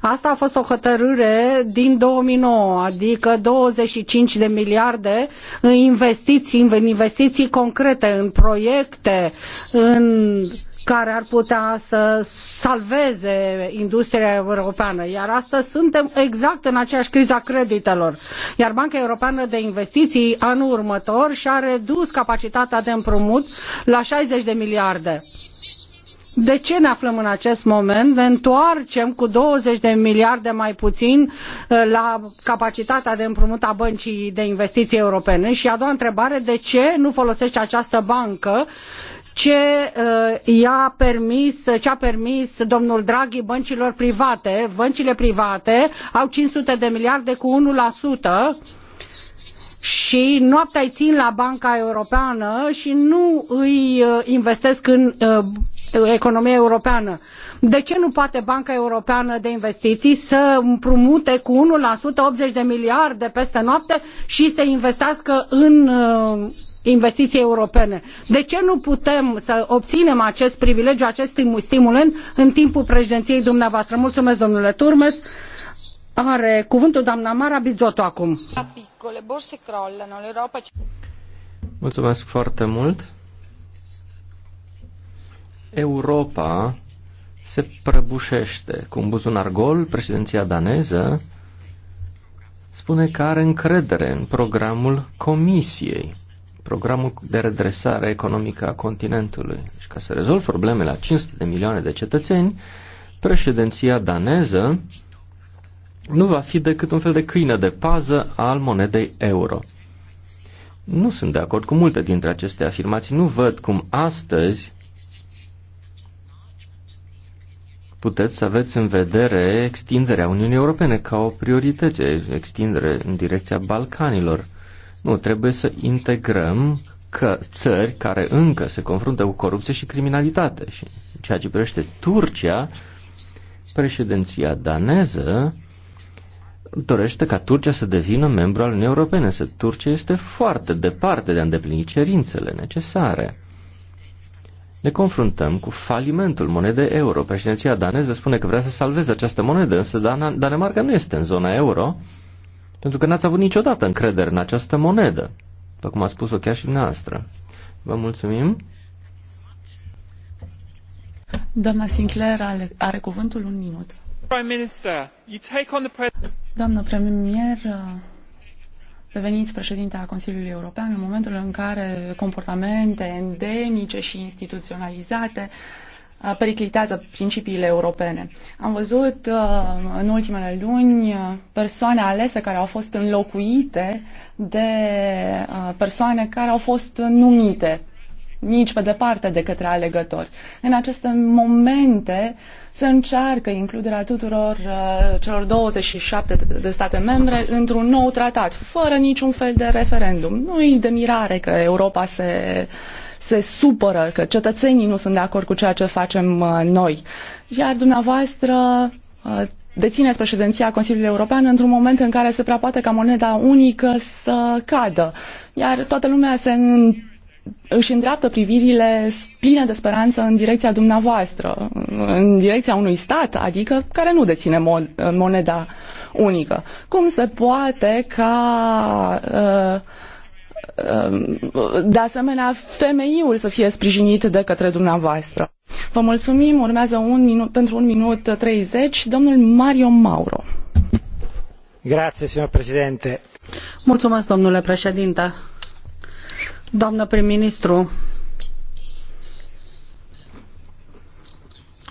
Asta a fost o hotărâre din 2009, adică 25 de miliarde în investiții, în investiții concrete, în proiecte, în care ar putea să salveze industria europeană. Iar astăzi suntem exact în aceeași criza creditelor. Iar Banca Europeană de Investiții anul următor și-a redus capacitatea de împrumut la 60 de miliarde. De ce ne aflăm în acest moment? Ne întoarcem cu 20 de miliarde mai puțin uh, la capacitatea de împrumut a băncii de investiții europene. Și a doua întrebare, de ce nu folosește această bancă ce uh, i-a permis, ce a permis domnul Draghi băncilor private. Băncile private au 500 de miliarde cu 1% și noaptea îi țin la Banca Europeană și nu îi uh, investesc în uh, economia europeană. De ce nu poate Banca Europeană de Investiții să împrumute cu 1% 80 de miliarde peste noapte și să investească în uh, investiții europene? De ce nu putem să obținem acest privilegiu, acest stimulent în timpul președinției dumneavoastră? Mulțumesc, domnule Turmes. Are cuvântul doamna Mara Bizotto acum. Dacă borse crollano, l'Europa... Mulțumesc foarte mult. Europa se prăbușește cu un buzunar gol, președinția daneză spune că are încredere în programul Comisiei, programul de redresare economică a continentului. Și deci ca să rezolv problemele a 500 de milioane de cetățeni, președinția daneză nu va fi decât un fel de câine de pază al monedei euro. Nu sunt de acord cu multe dintre aceste afirmații. Nu văd cum astăzi puteți să aveți în vedere extinderea Uniunii Europene ca o prioritate, extindere în direcția Balcanilor. Nu, trebuie să integrăm că țări care încă se confruntă cu corupție și criminalitate. Și ceea ce privește Turcia, președinția daneză dorește ca Turcia să devină membru al Uniunii Europene, însă Turcia este foarte departe de a îndeplini cerințele necesare. Ne confruntăm cu falimentul monedei euro. Președinția daneză spune că vrea să salveze această monedă, însă Dan- Danemarca nu este în zona euro, pentru că n-ați avut niciodată încredere în această monedă, după cum a spus-o chiar și noastră. Vă mulțumim. Doamna Sinclair are, are cuvântul un minut. Doamnă premier, deveniți președinta Consiliului European în momentul în care comportamente endemice și instituționalizate uh, periclitează principiile europene. Am văzut uh, în ultimele luni uh, persoane alese care au fost înlocuite de persoane care au fost numite nici pe departe de către alegători. În aceste momente se încearcă includerea tuturor uh, celor 27 de state membre într-un nou tratat, fără niciun fel de referendum. Nu-i de mirare că Europa se se supără, că cetățenii nu sunt de acord cu ceea ce facem uh, noi. Iar dumneavoastră uh, dețineți președinția Consiliului European într-un moment în care se prea poate ca moneda unică să cadă. Iar toată lumea se își îndreaptă privirile pline de speranță în direcția dumneavoastră, în direcția unui stat, adică care nu deține moneda unică. Cum se poate ca uh, uh, de asemenea femeiul să fie sprijinit de către dumneavoastră. Vă mulțumim, urmează un minut, pentru un minut 30, domnul Mario Mauro. Grazie, Mulțumesc, domnule președinte. Doamnă prim-ministru,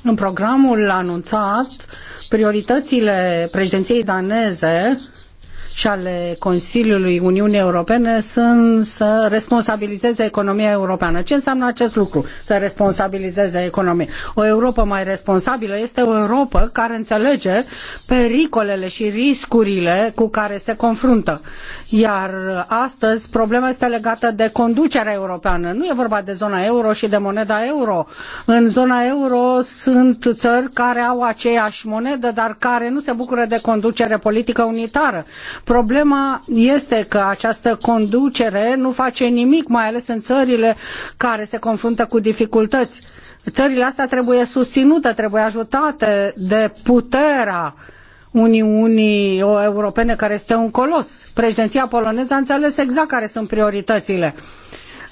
în programul anunțat, prioritățile președinției daneze și ale Consiliului Uniunii Europene sunt să responsabilizeze economia europeană. Ce înseamnă acest lucru? Să responsabilizeze economia. O Europa mai responsabilă este o Europa care înțelege pericolele și riscurile cu care se confruntă. Iar astăzi problema este legată de conducerea europeană. Nu e vorba de zona euro și de moneda euro. În zona euro sunt țări care au aceeași monedă, dar care nu se bucură de conducere politică unitară. Problema este că această conducere nu face nimic, mai ales în țările care se confruntă cu dificultăți. Țările astea trebuie susținute, trebuie ajutate de puterea Uniunii Europene care este un colos. Președinția poloneză a înțeles exact care sunt prioritățile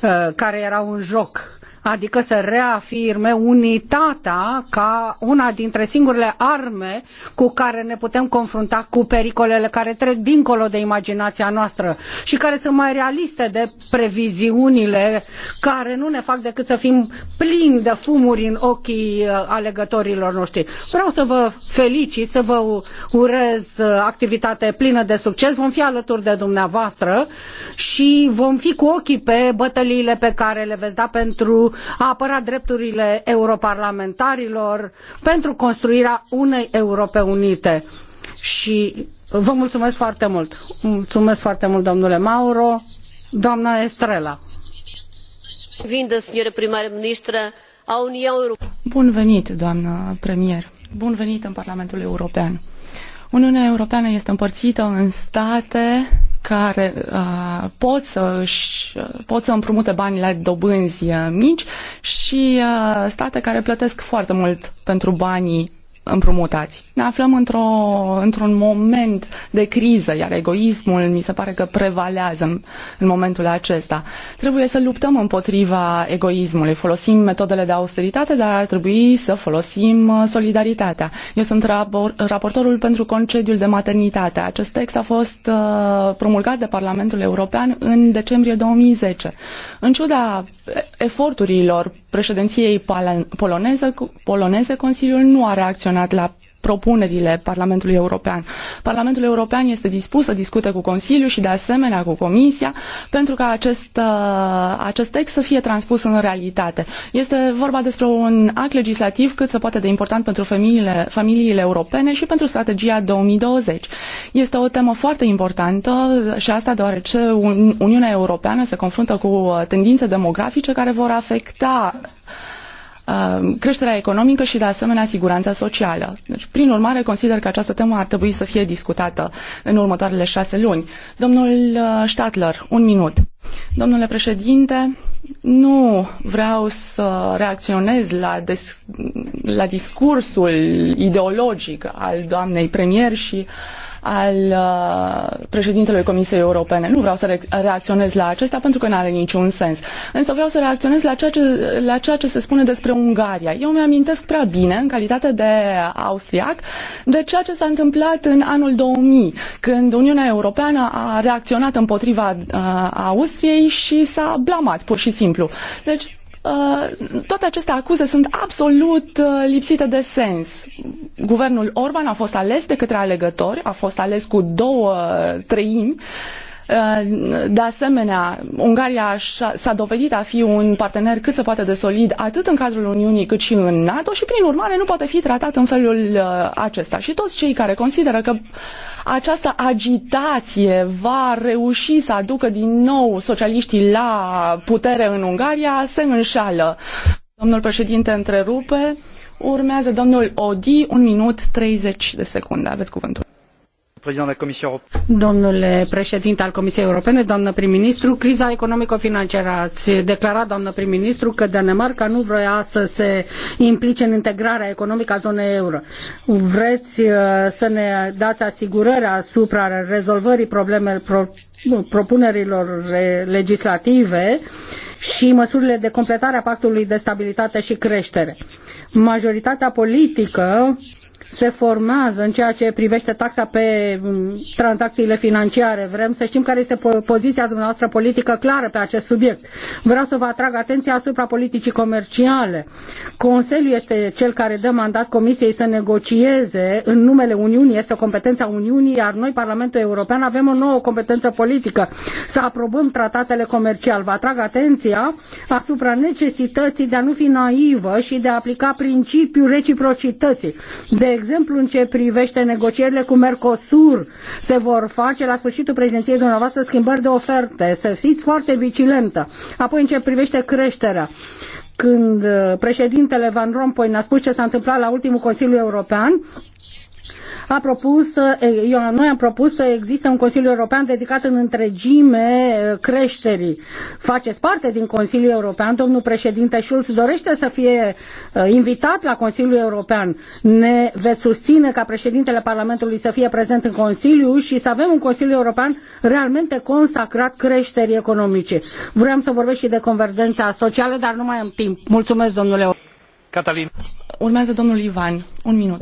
uh, care erau în joc adică să reafirme unitatea ca una dintre singurele arme cu care ne putem confrunta cu pericolele care trec dincolo de imaginația noastră și care sunt mai realiste de previziunile care nu ne fac decât să fim plini de fumuri în ochii uh, alegătorilor noștri. Vreau să vă felicit, să vă urez uh, activitate plină de succes. Vom fi alături de dumneavoastră și vom fi cu ochii pe bătăliile pe care le veți da pentru a apărat drepturile europarlamentarilor pentru construirea unei Europe Unite. Și vă mulțumesc foarte mult. Mulțumesc foarte mult, domnule Mauro. Doamna Estrela. Vinda, senhora primeira a Uniunii Europene. Bun venit, doamnă premier. Bun venit în Parlamentul European. Uniunea Europeană este împărțită în state care uh, pot, să își, pot să împrumute bani la dobânzi uh, mici și uh, state care plătesc foarte mult pentru banii împrumutați. Ne aflăm într-o, într-un moment de criză, iar egoismul mi se pare că prevalează în, în momentul acesta. Trebuie să luptăm împotriva egoismului. Folosim metodele de austeritate, dar ar trebui să folosim uh, solidaritatea. Eu sunt rapor, raportorul pentru concediul de maternitate. Acest text a fost uh, promulgat de Parlamentul European în decembrie 2010. În ciuda eforturilor președinției poloneze, poloneze, Consiliul nu a reacționat la propunerile Parlamentului European. Parlamentul European este dispus să discute cu Consiliul și de asemenea cu Comisia pentru ca acest, uh, acest text să fie transpus în realitate. Este vorba despre un act legislativ cât se poate de important pentru familiile, familiile europene și pentru strategia 2020. Este o temă foarte importantă și asta deoarece Uniunea Europeană se confruntă cu uh, tendințe demografice care vor afecta Uh, creșterea economică și de asemenea siguranța socială. Deci, prin urmare, consider că această temă ar trebui să fie discutată în următoarele șase luni. Domnul uh, Stadler, un minut. Domnule președinte, nu vreau să reacționez la, des, la discursul ideologic al doamnei premier și al uh, președintelui Comisiei Europene. Nu vreau să reacționez la acesta pentru că nu are niciun sens. Însă vreau să reacționez la ceea, ce, la ceea ce se spune despre Ungaria. Eu mi-amintesc prea bine, în calitate de austriac, de ceea ce s-a întâmplat în anul 2000, când Uniunea Europeană a reacționat împotriva uh, Austriei și s-a blamat, pur și simplu. Deci, Uh, toate aceste acuze sunt absolut uh, lipsite de sens. Guvernul Orban a fost ales de către alegători, a fost ales cu două uh, treimi Uh, de asemenea, Ungaria s-a dovedit a fi un partener cât se poate de solid atât în cadrul Uniunii cât și în NATO și prin urmare nu poate fi tratat în felul uh, acesta. Și toți cei care consideră că această agitație va reuși să aducă din nou socialiștii la putere în Ungaria se înșală. Domnul președinte întrerupe. Urmează domnul Odi, un minut 30 de secunde. Aveți cuvântul. Domnule președinte al Comisiei Europene, doamnă prim-ministru, criza economico-financiară ați declarat, doamnă prim-ministru, că Danemarca nu vrea să se implice în integrarea economică a zonei euro. Vreți uh, să ne dați asigurări asupra rezolvării problemelor pro propunerilor legislative și măsurile de completare a pactului de stabilitate și creștere. Majoritatea politică se formează în ceea ce privește taxa pe mm, tranzacțiile financiare. Vrem să știm care este poziția dumneavoastră politică clară pe acest subiect. Vreau să vă atrag atenția asupra politicii comerciale. Consiliul este cel care dă mandat Comisiei să negocieze în numele Uniunii, este o competență a Uniunii, iar noi, Parlamentul European, avem o nouă competență politică, să aprobăm tratatele comerciale. Vă atrag atenția asupra necesității de a nu fi naivă și de a aplica principiul reciprocității. De exemplu în ce privește negocierile cu Mercosur, se vor face la sfârșitul președinției dumneavoastră schimbări de oferte, să fiți foarte vigilentă. Apoi în ce privește creșterea, când uh, președintele Van Rompuy ne-a spus ce s-a întâmplat la ultimul Consiliu European, a propus, noi am propus să existe un Consiliu European dedicat în întregime creșterii. Faceți parte din Consiliul European, domnul președinte Schulz dorește să fie invitat la Consiliul European. Ne veți susține ca președintele Parlamentului să fie prezent în Consiliu și să avem un Consiliu European realmente consacrat creșterii economice. Vreau să vorbesc și de convergența socială, dar nu mai am timp. Mulțumesc, domnule. Catalin. Urmează domnul Ivan. Un minut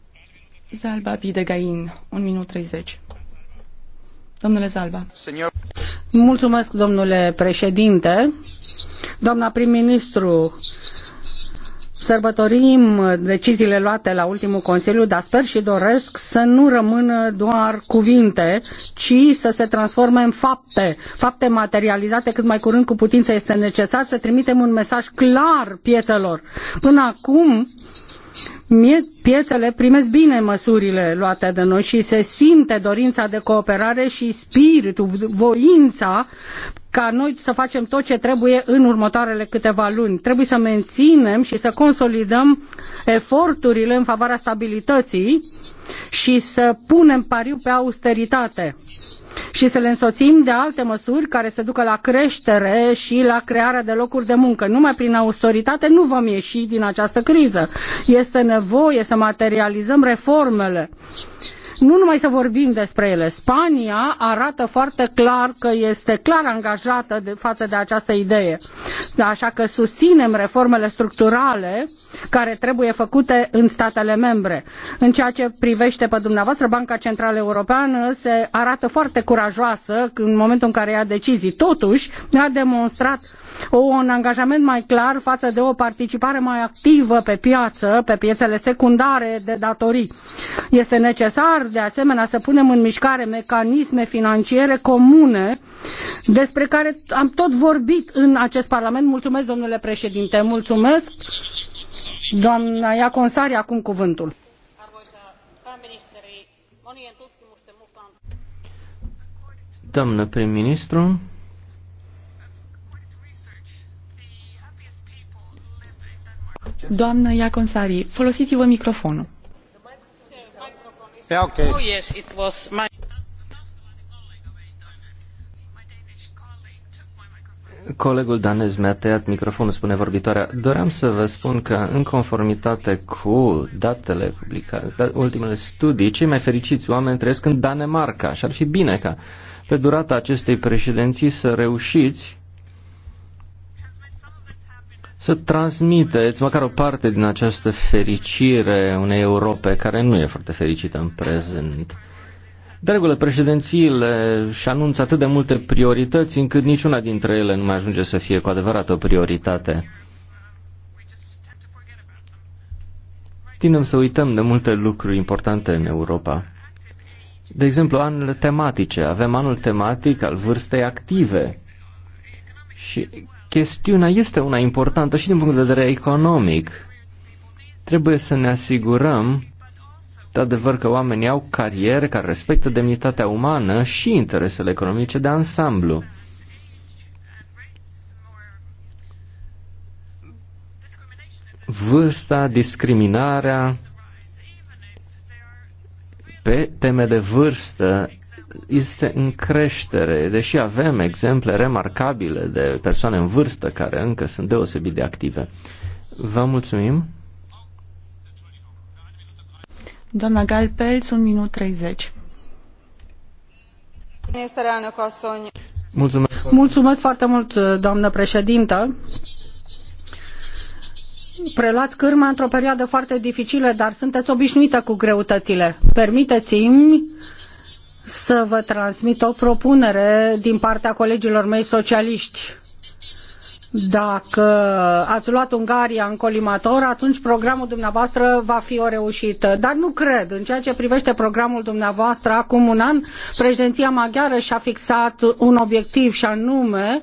Zalba Bidegain, 1 minut 30. Domnule Zalba. Senior. Mulțumesc, domnule președinte. Doamna prim-ministru, sărbătorim deciziile luate la ultimul Consiliu, dar sper și doresc să nu rămână doar cuvinte, ci să se transforme în fapte, fapte materializate cât mai curând cu putință este necesar, să trimitem un mesaj clar piețelor. Până acum, Piețele primesc bine măsurile luate de noi și se simte dorința de cooperare și spiritul, voința ca noi să facem tot ce trebuie în următoarele câteva luni. Trebuie să menținem și să consolidăm eforturile în favoarea stabilității și să punem pariu pe austeritate și să le însoțim de alte măsuri care să ducă la creștere și la crearea de locuri de muncă. Numai prin austeritate nu vom ieși din această criză. Este nevoie să materializăm reformele deci nu numai să vorbim despre ele. Spania arată foarte clar că este clar angajată de, față de această idee. Așa că susținem reformele structurale care trebuie făcute în statele membre. În ceea ce privește pe dumneavoastră, Banca Centrală Europeană se arată foarte curajoasă în momentul în care ia decizii. Totuși, ne-a demonstrat un angajament mai clar față de o participare mai activă pe piață, pe piețele secundare de datorii. Este necesar, de asemenea, să punem în mișcare mecanisme financiere comune despre care am tot vorbit în acest Parlament. Mulțumesc, domnule președinte, mulțumesc. Doamna Iaconsari, acum cuvântul. Doamnă prim-ministru, Doamnă Iaconsari, folosiți-vă microfonul. Yeah, okay. Oh, yes, it was my... Colegul danez mi-a tăiat microfonul, spune vorbitoarea. Doream să vă spun că, în conformitate cu datele publicate, da, ultimele studii, cei mai fericiți oameni trăiesc în Danemarca și ar fi bine ca pe durata acestei președinții să reușiți să transmiteți măcar o parte din această fericire unei Europe care nu e foarte fericită în prezent. De regulă, președințiile și anunță atât de multe priorități încât niciuna dintre ele nu mai ajunge să fie cu adevărat o prioritate. Tindem să uităm de multe lucruri importante în Europa. De exemplu, anul tematice. Avem anul tematic al vârstei active. Și chestiunea este una importantă și din punct de vedere economic. Trebuie să ne asigurăm de adevăr că oamenii au cariere care respectă demnitatea umană și interesele economice de ansamblu. Vârsta, discriminarea pe teme de vârstă este în creștere, deși avem exemple remarcabile de persoane în vârstă care încă sunt deosebit de active. Vă mulțumim! Doamna Galpelț, un minut 30. Mulțumesc. Mulțumesc foarte mult, doamnă președintă. Prelați cârma într-o perioadă foarte dificilă, dar sunteți obișnuită cu greutățile. Permiteți-mi să vă transmit o propunere din partea colegilor mei socialiști. Dacă ați luat Ungaria în colimator, atunci programul dumneavoastră va fi o reușită. Dar nu cred. În ceea ce privește programul dumneavoastră, acum un an, președinția maghiară și-a fixat un obiectiv și anume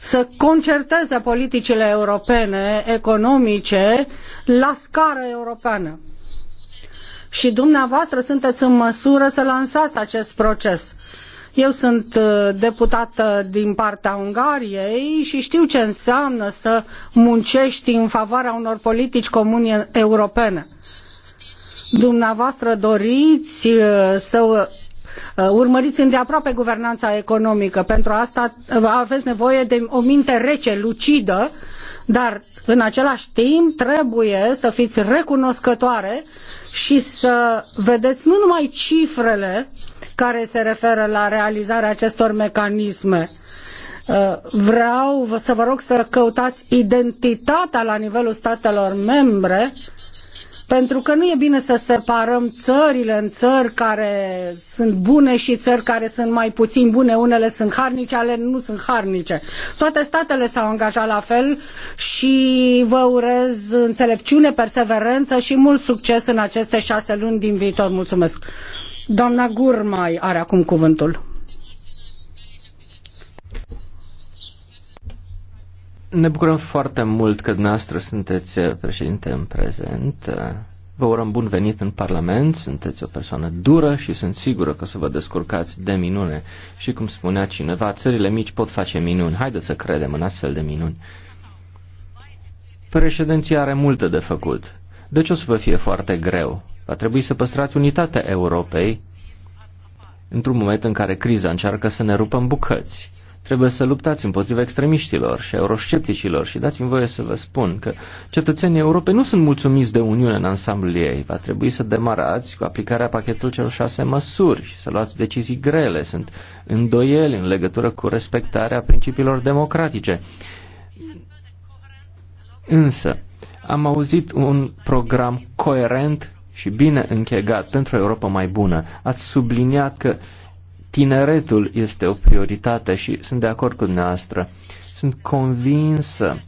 să concerteze politicile europene, economice, la scară europeană și dumneavoastră sunteți în măsură să lansați acest proces. Eu sunt uh, deputată din partea Ungariei și știu ce înseamnă să muncești în favoarea unor politici comune europene. Dumneavoastră doriți uh, să uh, urmăriți îndeaproape guvernanța economică. Pentru asta aveți nevoie de o minte rece, lucidă dar, în același timp, trebuie să fiți recunoscătoare și să vedeți nu numai cifrele care se referă la realizarea acestor mecanisme, uh, vreau să vă rog să căutați identitatea la nivelul statelor membre pentru că nu e bine să separăm țările în țări care sunt bune și țări care sunt mai puțin bune. Unele sunt harnice, ale nu sunt harnice. Toate statele s-au angajat la fel și vă urez înțelepciune, perseverență și mult succes în aceste șase luni din viitor. Mulțumesc! Doamna Gurmai are acum cuvântul. Ne bucurăm foarte mult că dumneavoastră sunteți uh, președinte în prezent. Uh, vă urăm bun venit în Parlament, sunteți o persoană dură și sunt sigură că o să vă descurcați de minune. Și cum spunea cineva, țările mici pot face minuni. Haideți să credem în astfel de minuni. Președinția are multe de făcut. ce deci o să vă fie foarte greu. Va trebui să păstrați unitatea Europei într-un moment în care criza încearcă să ne rupă în bucăți. Trebuie să luptați împotriva extremiștilor și euroscepticilor și dați-mi voie să vă spun că cetățenii Europei nu sunt mulțumiți de Uniune în ansamblul ei. Va trebui să demarați cu aplicarea pachetului celor șase măsuri și să luați decizii grele. Sunt îndoieli în legătură cu respectarea principiilor democratice. Însă, am auzit un program coerent și bine închegat pentru o Europa mai bună. Ați subliniat că tineretul este o prioritate și sunt de acord cu dumneavoastră. Sunt convinsă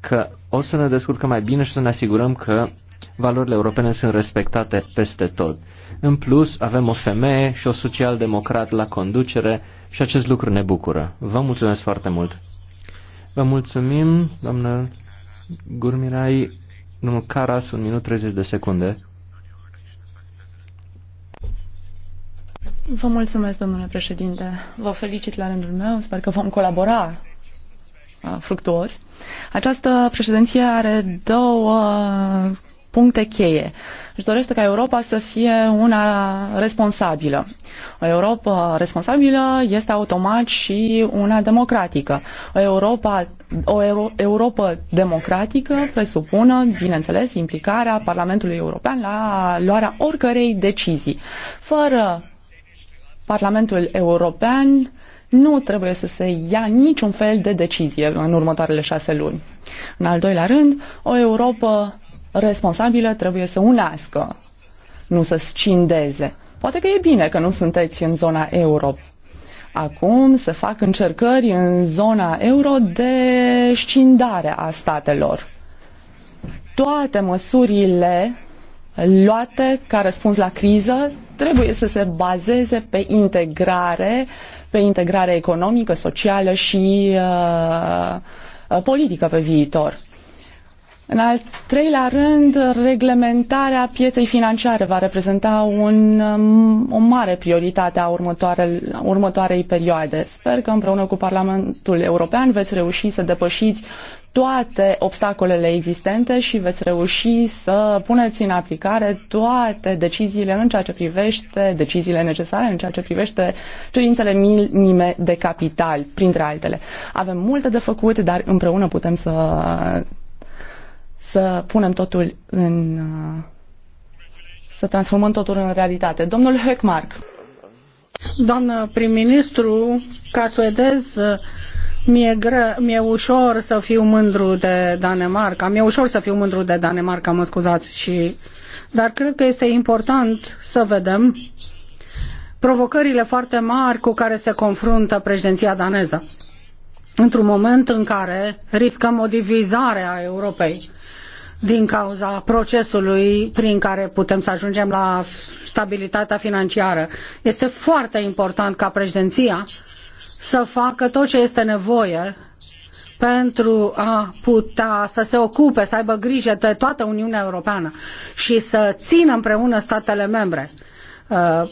că o să ne descurcăm mai bine și să ne asigurăm că valorile europene sunt respectate peste tot. În plus, avem o femeie și o social-democrat la conducere și acest lucru ne bucură. Vă mulțumesc foarte mult! Vă mulțumim, doamnă Gurmirai, domnul Caras, un minut 30 de secunde. Vă mulțumesc, domnule președinte. Vă felicit la rândul meu. Sper că vom colabora uh, fructuos. Această președinție are două puncte cheie. Își dorește ca Europa să fie una responsabilă. O Europa responsabilă este automat și una democratică. O Europa, o Euro, Europa democratică presupune, bineînțeles, implicarea Parlamentului European la luarea oricărei decizii. Fără Parlamentul European nu trebuie să se ia niciun fel de decizie în următoarele șase luni. În al doilea rând, o Europa responsabilă trebuie să unească, nu să scindeze. Poate că e bine că nu sunteți în zona euro. Acum se fac încercări în zona euro de scindare a statelor. Toate măsurile luate ca răspuns la criză trebuie să se bazeze pe integrare, pe integrare economică, socială și uh, uh, politică pe viitor. În al treilea rând, reglementarea pieței financiare va reprezenta un, um, o mare prioritate a următoare, următoarei perioade. Sper că împreună cu Parlamentul European veți reuși să depășiți toate obstacolele existente și veți reuși să puneți în aplicare toate deciziile în ceea ce privește, deciziile necesare în ceea ce privește cerințele minime de capital, printre altele. Avem multe de făcut, dar împreună putem să, să punem totul în să transformăm totul în realitate. Domnul Höckmark. Doamnă prim-ministru, ca suedez, mi-e, gră, mi-e ușor să fiu mândru de Danemarca, mi-e ușor să fiu mândru de Danemarca, mă scuzați, și... dar cred că este important să vedem provocările foarte mari cu care se confruntă președinția daneză. Într-un moment în care riscăm o divizare a Europei din cauza procesului prin care putem să ajungem la stabilitatea financiară. Este foarte important ca președinția să facă tot ce este nevoie pentru a putea să se ocupe, să aibă grijă de toată Uniunea Europeană și să țină împreună statele membre. Uh,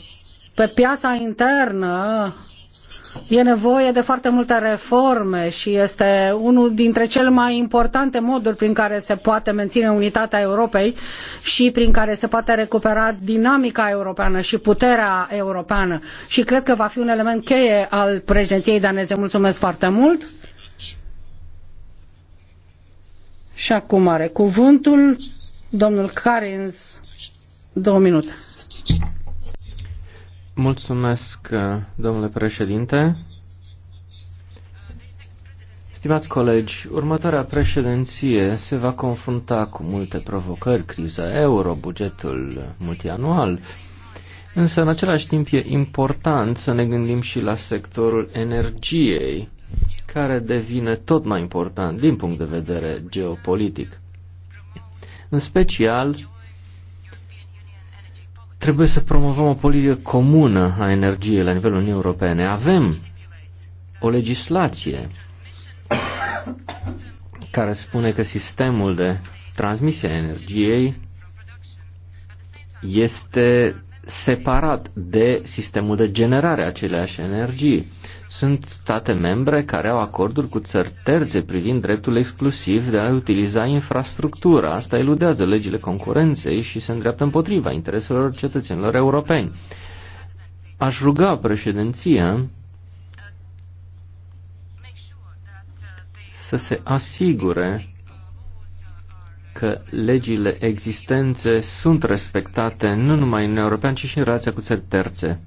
pe piața internă E nevoie de foarte multe reforme și este unul dintre cele mai importante moduri prin care se poate menține unitatea Europei și prin care se poate recupera dinamica europeană și puterea europeană. Și cred că va fi un element cheie al președinției daneze. Mulțumesc foarte mult! Și acum are cuvântul domnul Karins Două minute. Mulțumesc, domnule președinte. Stimați colegi, următoarea președinție se va confrunta cu multe provocări, criza euro, bugetul multianual, însă în același timp e important să ne gândim și la sectorul energiei, care devine tot mai important din punct de vedere geopolitic. În special, Trebuie să promovăm o politică comună a energiei la nivelul Uniunii Europene. Avem o legislație care spune că sistemul de transmisie a energiei este separat de sistemul de generare a aceleași energii. Sunt state membre care au acorduri cu țări terțe privind dreptul exclusiv de a utiliza infrastructura. Asta eludează legile concurenței și se îndreaptă împotriva intereselor cetățenilor europeni. Aș ruga președinția să se asigure că legile existențe sunt respectate nu numai în european, ci și în relația cu țări terțe.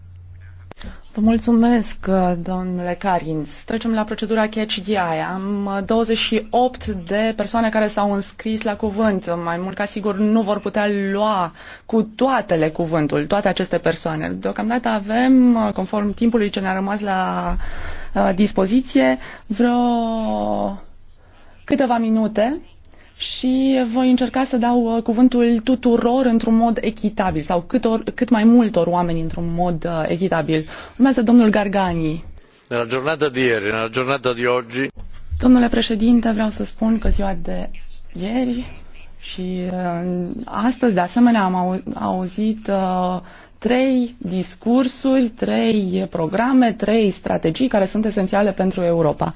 Vă mulțumesc, domnule Carins. Trecem la procedura catch DI. Am 28 de persoane care s-au înscris la cuvânt. Mai mult ca sigur nu vor putea lua cu toatele cuvântul, toate aceste persoane. Deocamdată avem, conform timpului ce ne-a rămas la uh, dispoziție, vreo câteva minute și voi încerca să dau uh, cuvântul tuturor într-un mod echitabil sau cât, or, cât mai multor oameni într-un mod uh, echitabil. Urmează domnul Gargani. la giornata de ieri, la giornata de oggi. Domnule președinte, vreau să spun că ziua de ieri și uh, astăzi, de asemenea, am au, auzit uh, trei discursuri, trei programe, trei strategii care sunt esențiale pentru Europa.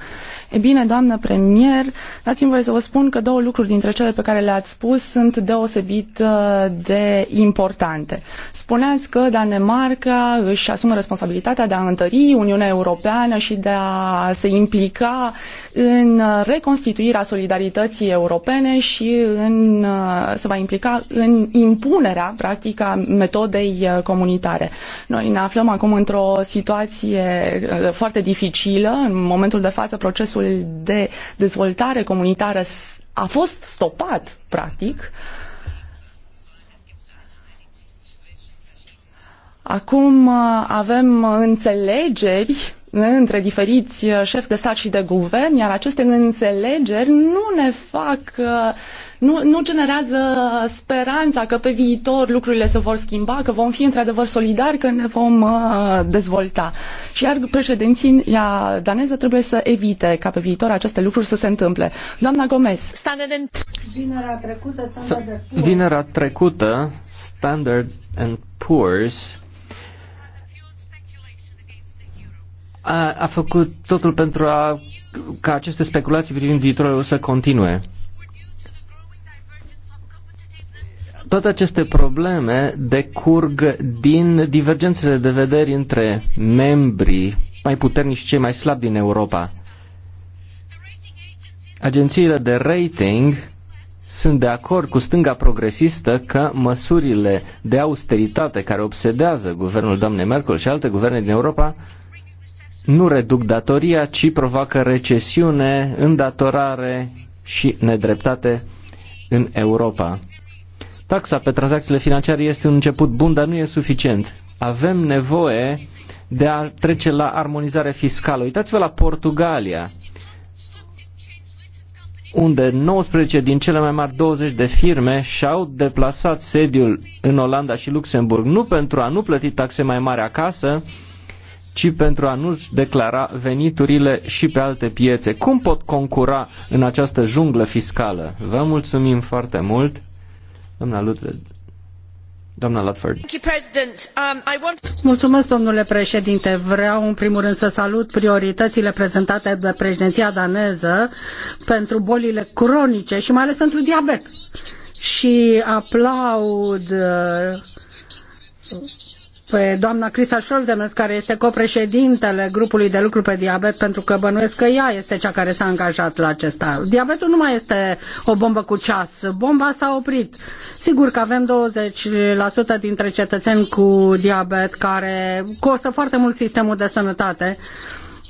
E bine, doamnă premier, dați-mi voie să vă spun că două lucruri dintre cele pe care le-ați spus sunt deosebit uh, de importante. Spuneați că Danemarca își asumă responsabilitatea de a întări Uniunea Europeană și de a se implica în reconstituirea solidarității europene și în, uh, se va implica în impunerea, practic, a metodei uh, comunitare. Noi ne aflăm acum într-o situație foarte dificilă. În momentul de față, procesul procesul de dezvoltare comunitară a fost stopat, practic, acum uh, avem înțelegeri între diferiți uh, șefi de stat și de guvern, iar aceste înțelegeri nu ne fac, uh, nu, nu generează speranța că pe viitor lucrurile se vor schimba, că vom fi într-adevăr solidari, că ne vom uh, dezvolta. Și iar președinția daneză trebuie să evite ca pe viitor aceste lucruri să se întâmple. Doamna Gomez. Standard and... Vinerea trecută, Standard Poor's. Vinerea trecută, Standard and Poor's a, a făcut totul pentru a, ca aceste speculații privind viitorul să continue. Toate aceste probleme decurg din divergențele de vederi între membrii mai puternici și cei mai slabi din Europa. Agențiile de rating sunt de acord cu stânga progresistă că măsurile de austeritate care obsedează guvernul doamnei Merkel și alte guverne din Europa nu reduc datoria, ci provoacă recesiune, îndatorare și nedreptate în Europa. Taxa pe tranzacțiile financiare este un început bun, dar nu e suficient. Avem nevoie de a trece la armonizare fiscală. Uitați-vă la Portugalia, unde 19 din cele mai mari 20 de firme și-au deplasat sediul în Olanda și Luxemburg, nu pentru a nu plăti taxe mai mari acasă, ci pentru a nu-și declara veniturile și pe alte piețe. Cum pot concura în această junglă fiscală? Vă mulțumim foarte mult, doamna Ludwig. Doamna Ludford. Um, Mulțumesc, domnule președinte. Vreau, în primul rând, să salut prioritățile prezentate de președinția daneză pentru bolile cronice și mai ales pentru diabet. Și aplaud uh, pe doamna Crista Scholdemes, care este copreședintele grupului de lucru pe diabet, pentru că bănuiesc că ea este cea care s-a angajat la acesta. Diabetul nu mai este o bombă cu ceas. Bomba s-a oprit. Sigur că avem 20% dintre cetățeni cu diabet care costă foarte mult sistemul de sănătate.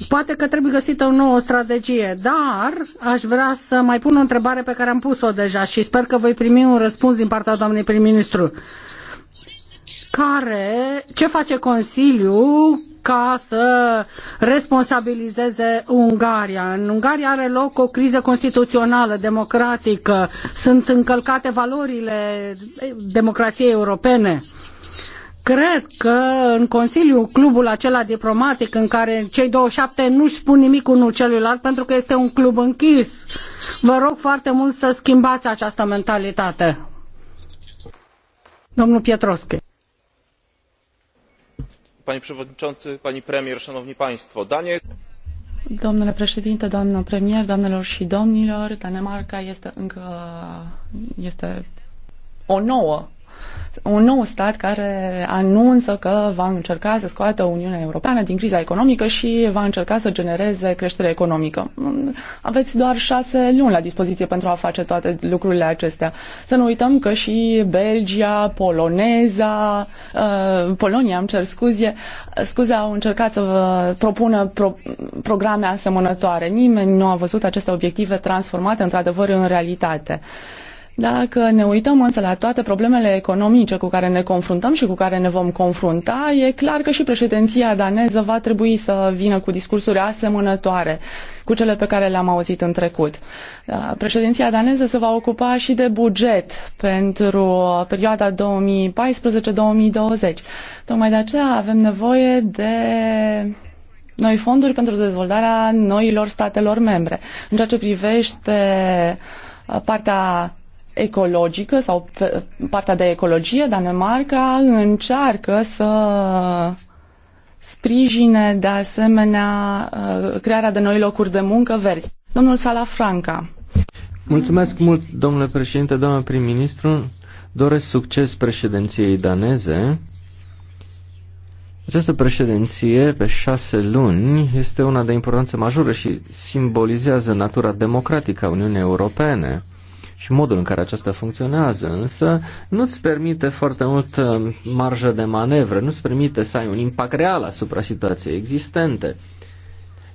Poate că trebuie găsită o nouă strategie, dar aș vrea să mai pun o întrebare pe care am pus-o deja și sper că voi primi un răspuns din partea doamnei prim-ministru care, ce face Consiliul ca să responsabilizeze Ungaria. În Ungaria are loc o criză constituțională, democratică, sunt încălcate valorile democrației europene. Cred că în Consiliu, clubul acela diplomatic în care cei 27 nu-și spun nimic unul celuilalt pentru că este un club închis. Vă rog foarte mult să schimbați această mentalitate. Domnul Pietroschi panie przewodniczący pani premier! dania domnule președinte doamnă premier doamnelor și domnilor danemarca este este o nouă un nou stat care anunță că va încerca să scoată Uniunea Europeană din criza economică și va încerca să genereze creștere economică. Aveți doar șase luni la dispoziție pentru a face toate lucrurile acestea. Să nu uităm că și Belgia, Poloneza, uh, Polonia, am cer scuze, scuze, au încercat să vă propună pro- programe asemănătoare. Nimeni nu a văzut aceste obiective transformate într-adevăr în realitate. Uh, dacă ne uităm însă la toate problemele economice cu care ne confruntăm și cu care ne vom confrunta, e clar că și președinția daneză va trebui să vină cu discursuri asemănătoare cu cele pe care le-am auzit în trecut. Da, președinția daneză se va ocupa și de buget pentru perioada 2014-2020. Tocmai de aceea avem nevoie de noi fonduri pentru dezvoltarea noilor statelor membre. În ceea ce privește partea ecologică sau partea de ecologie, Danemarca încearcă să sprijine de asemenea uh, crearea de noi locuri de muncă verzi. Domnul Salafranca. Mulțumesc mult, domnule președinte, domnule prim-ministru. Doresc succes președinției daneze. Această președinție pe șase luni este una de importanță majoră și simbolizează natura democratică a Uniunii Europene și modul în care aceasta funcționează, însă nu-ți permite foarte mult uh, marjă de manevră, nu-ți permite să ai un impact real asupra situației existente.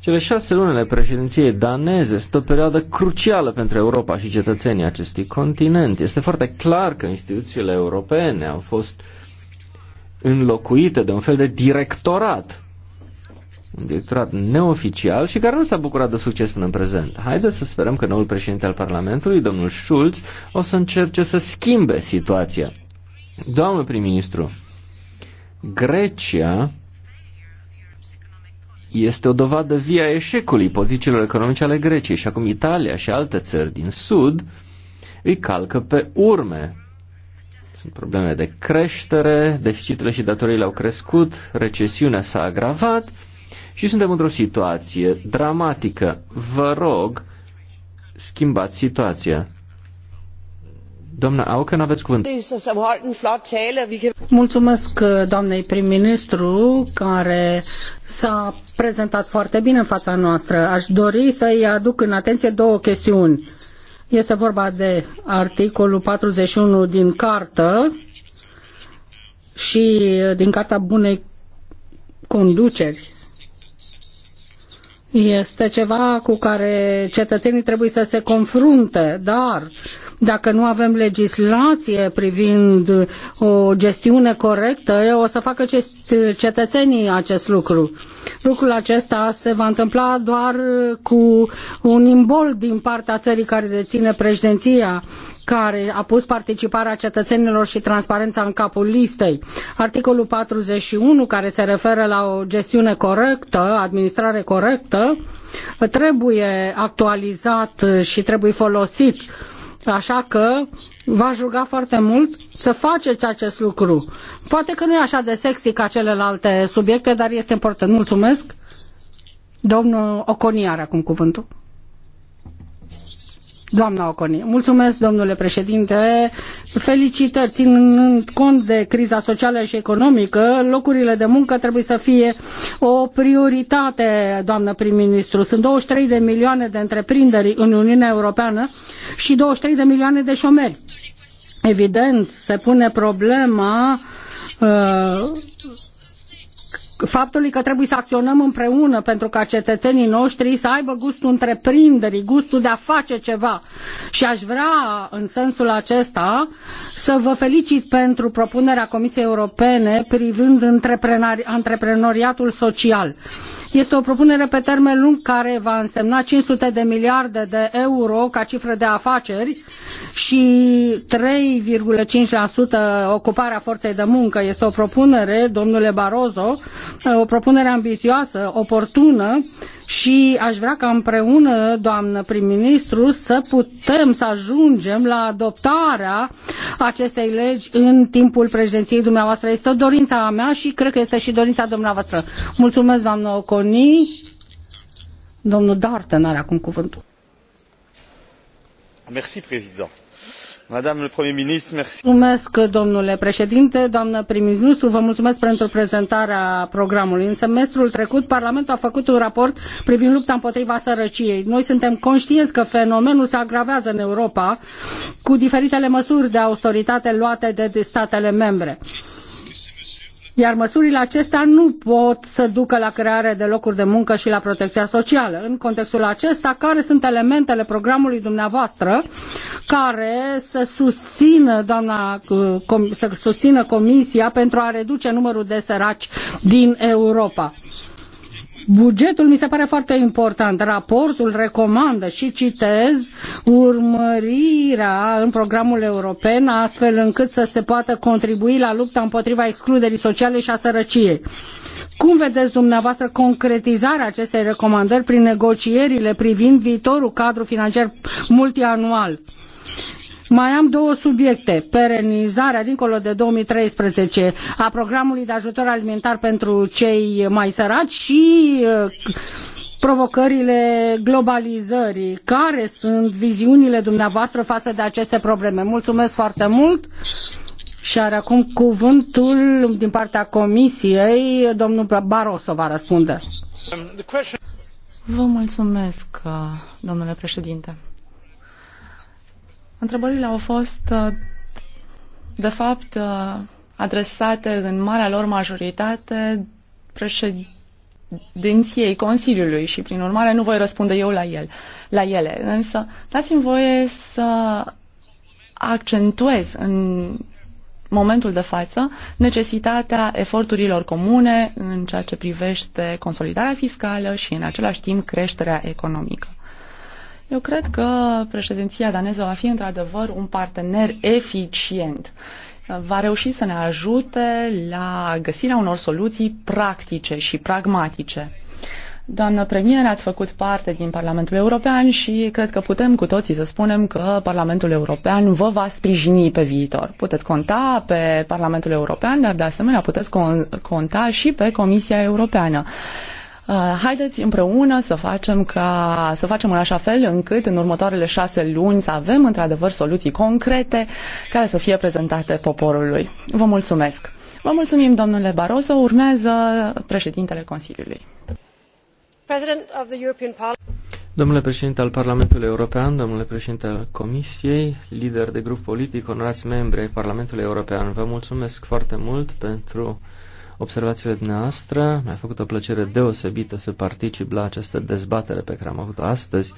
Cele șase luni ale președinției daneze sunt o perioadă crucială pentru Europa și cetățenii acestui continent. Este foarte clar că instituțiile europene au fost înlocuite de un fel de directorat un directorat neoficial și care nu s-a bucurat de succes până în prezent. Haideți să sperăm că noul președinte al Parlamentului, domnul Schulz, o să încerce să schimbe situația. Doamnă prim-ministru, Grecia este o dovadă via eșecului politicilor economice ale Greciei și acum Italia și alte țări din Sud îi calcă pe urme. Sunt probleme de creștere, deficitele și datoriile au crescut, recesiunea s-a agravat și suntem într-o situație dramatică. Vă rog, schimbați situația. Doamna Auken, aveți cuvânt. Mulțumesc doamnei prim-ministru care s-a prezentat foarte bine în fața noastră. Aș dori să-i aduc în atenție două chestiuni. Este vorba de articolul 41 din cartă și din Carta Bunei Conduceri este ceva cu care cetățenii trebuie să se confrunte, dar dacă nu avem legislație privind o gestiune corectă, o să facă cetățenii acest lucru. Lucrul acesta se va întâmpla doar cu un imbol din partea țării care deține președinția care a pus participarea cetățenilor și transparența în capul listei. Articolul 41, care se referă la o gestiune corectă, administrare corectă, trebuie actualizat și trebuie folosit Așa că v-aș ruga foarte mult să faceți acest lucru. Poate că nu e așa de sexy ca celelalte subiecte, dar este important. Mulțumesc. Domnul Oconi are acum cuvântul. Doamna Oconi, mulțumesc, domnule președinte. Felicitări, ținând cont de criza socială și economică, locurile de muncă trebuie să fie o prioritate, doamnă prim-ministru. Sunt 23 de milioane de întreprinderi în Uniunea Europeană și 23 de milioane de șomeri. Evident, se pune problema uh, faptului că trebuie să acționăm împreună pentru ca cetățenii noștri să aibă gustul întreprinderii, gustul de a face ceva. Și aș vrea în sensul acesta să vă felicit pentru propunerea Comisiei Europene privind antreprenoriatul social. Este o propunere pe termen lung care va însemna 500 de miliarde de euro ca cifră de afaceri și 3,5% ocuparea forței de muncă. Este o propunere, domnule Barroso, Uh, o propunere ambițioasă, oportună și aș vrea ca împreună, doamnă prim-ministru, să putem să ajungem la adoptarea acestei legi în timpul președinției dumneavoastră. Este dorința mea și cred că este și dorința dumneavoastră. Mulțumesc, doamnă Oconi. Domnul Darten are acum cuvântul domnule președinte, doamnă prim-ministru, vă mulțumesc pentru prezentarea programului. În semestrul trecut, Parlamentul a făcut un raport privind lupta împotriva sărăciei. Noi suntem conștienți că fenomenul se agravează în Europa cu diferitele măsuri de austeritate luate de statele membre iar măsurile acestea nu pot să ducă la crearea de locuri de muncă și la protecția socială. În contextul acesta, care sunt elementele programului dumneavoastră care să susțină, doamna, să susțină Comisia pentru a reduce numărul de săraci din Europa? Bugetul mi se pare foarte important. Raportul recomandă și citez urmărirea în programul european astfel încât să se poată contribui la lupta împotriva excluderii sociale și a sărăciei. Cum vedeți dumneavoastră concretizarea acestei recomandări prin negocierile privind viitorul cadru financiar multianual? Mai am două subiecte. Perenizarea, dincolo de 2013, a programului de ajutor alimentar pentru cei mai săraci și uh, provocările globalizării. Care sunt viziunile dumneavoastră față de aceste probleme? Mulțumesc foarte mult! Și are acum cuvântul din partea Comisiei, domnul Barroso va răspunde. Um, Vă mulțumesc, uh, domnule președinte. Întrebările au fost, uh, de fapt, uh, adresate în marea lor majoritate președinției Consiliului și, prin urmare, nu voi răspunde eu la, el, la ele. Însă, dați-mi voie să accentuez în momentul de față necesitatea eforturilor comune în ceea ce privește consolidarea fiscală și, în același timp, creșterea economică. Eu cred că președinția daneză va fi într-adevăr un partener eficient. Va reuși să ne ajute la găsirea unor soluții practice și pragmatice. Doamnă premier, ați făcut parte din Parlamentul European și cred că putem cu toții să spunem că Parlamentul European vă va sprijini pe viitor. Puteți conta pe Parlamentul European, dar de asemenea puteți conta și pe Comisia Europeană. Uh, haideți împreună să facem, ca, să facem în așa fel încât în următoarele șase luni să avem într-adevăr soluții concrete care să fie prezentate poporului. Vă mulțumesc! Vă mulțumim, domnule Barroso. Urmează președintele Consiliului. Domnule președinte al Parlamentului European, domnule președinte al Comisiei, lider de grup politic, onorați membri ai Parlamentului European, vă mulțumesc foarte mult pentru observațiile dumneavoastră. Mi-a făcut o plăcere deosebită să particip la această dezbatere pe care am avut-o astăzi.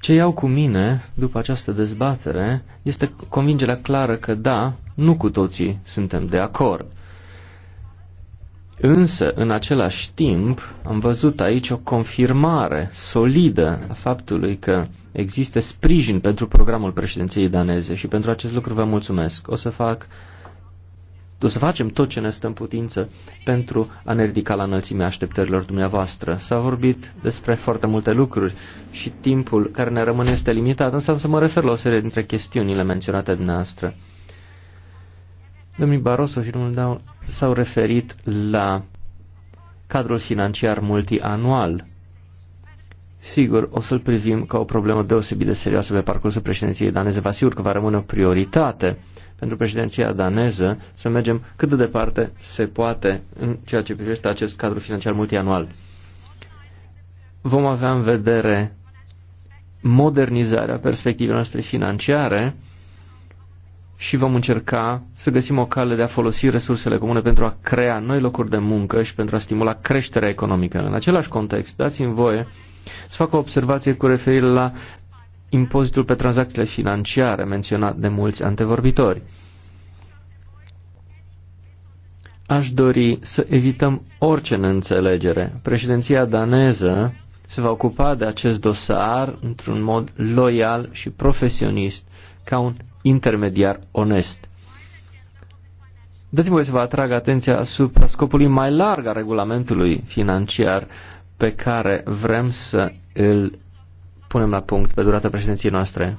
Ce iau cu mine după această dezbatere este convingerea clară că da, nu cu toții suntem de acord. Însă, în același timp, am văzut aici o confirmare solidă a faptului că există sprijin pentru programul președinției daneze și pentru acest lucru vă mulțumesc. O să fac uh, o să facem tot ce ne stă în putință pentru a ne ridica la înălțimea așteptărilor dumneavoastră. S-a vorbit despre foarte multe lucruri și timpul care ne rămâne este limitat, însă am să mă refer la o serie dintre chestiunile menționate dumneavoastră. Domnul Barroso și domnul Dau s-au referit la cadrul financiar multianual. Sigur, o să-l privim ca o problemă deosebit de serioasă pe parcursul președinției daneze. Vă asigur că va rămâne o prioritate pentru președinția daneză să mergem cât de departe se poate în ceea ce privește acest cadru financiar multianual. Vom avea în vedere modernizarea perspectivei noastre financiare și vom încerca să găsim o cale de a folosi resursele comune pentru a crea noi locuri de muncă și pentru a stimula creșterea economică. În același context, dați-mi voie să fac o observație cu referire la impozitul pe tranzacțiile financiare menționat de mulți antevorbitori. Aș dori să evităm orice neînțelegere. Președinția daneză se va ocupa de acest dosar într-un mod loial și profesionist, ca un intermediar onest. Dați-mi voi să vă atrag atenția asupra scopului mai larg a regulamentului financiar pe care vrem să îl punem la punct pe durata președinției noastre.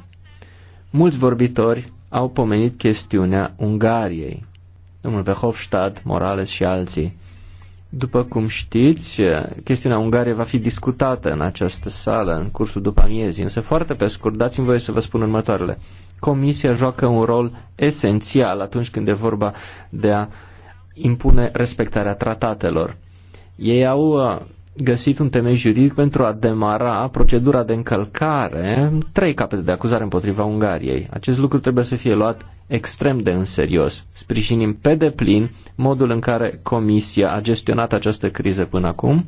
Mulți vorbitori au pomenit chestiunea Ungariei. Domnul Verhofstadt, Morales și alții. După cum știți, chestiunea Ungariei va fi discutată în această sală în cursul după amiezii, însă foarte pe scurt dați-mi voie să vă spun următoarele. Comisia joacă un rol esențial atunci când e vorba de a impune respectarea tratatelor. Ei au uh, găsit un temei juridic pentru a demara procedura de încălcare, trei capete de acuzare împotriva Ungariei. Acest lucru trebuie să fie luat extrem de în serios. Sprijinim pe deplin modul în care Comisia a gestionat această criză până acum.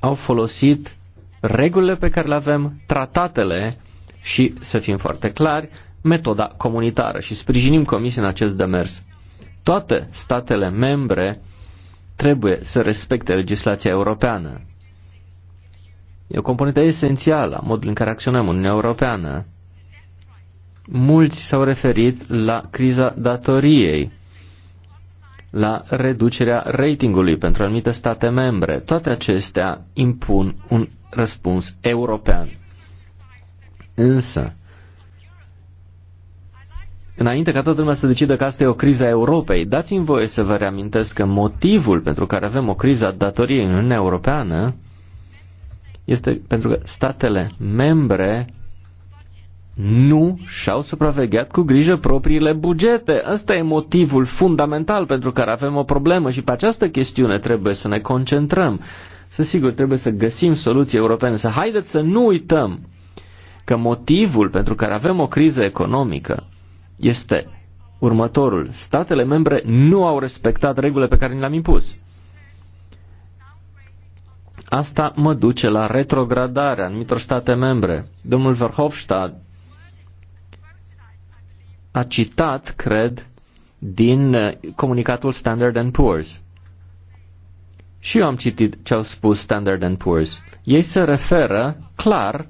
Au folosit regulile pe care le avem, tratatele și, să fim foarte clari, metoda comunitară și sprijinim Comisia în acest demers. Toate statele membre trebuie să respecte legislația europeană. E o componentă esențială a modului în care acționăm în Uniunea Europeană. Mulți s-au referit la criza datoriei, la reducerea ratingului pentru anumite state membre. Toate acestea impun un răspuns european. Însă, înainte ca toată lumea să decidă că asta e o criză a Europei, dați-mi voie să vă reamintesc că motivul pentru care avem o criză a datoriei în Uniunea Europeană este pentru că statele membre nu și-au supravegheat cu grijă propriile bugete. Ăsta e motivul fundamental pentru care avem o problemă și pe această chestiune trebuie să ne concentrăm. Să sigur, trebuie să găsim soluții europene, să haideți să nu uităm că motivul pentru care avem o criză economică este următorul. Statele membre nu au respectat regulile pe care ni le-am impus. Asta mă duce la retrogradarea anumitor state membre. Domnul Verhofstadt a citat, cred, din uh, comunicatul Standard and Poor's. Și eu am citit ce au spus Standard and Poor's. Ei se referă clar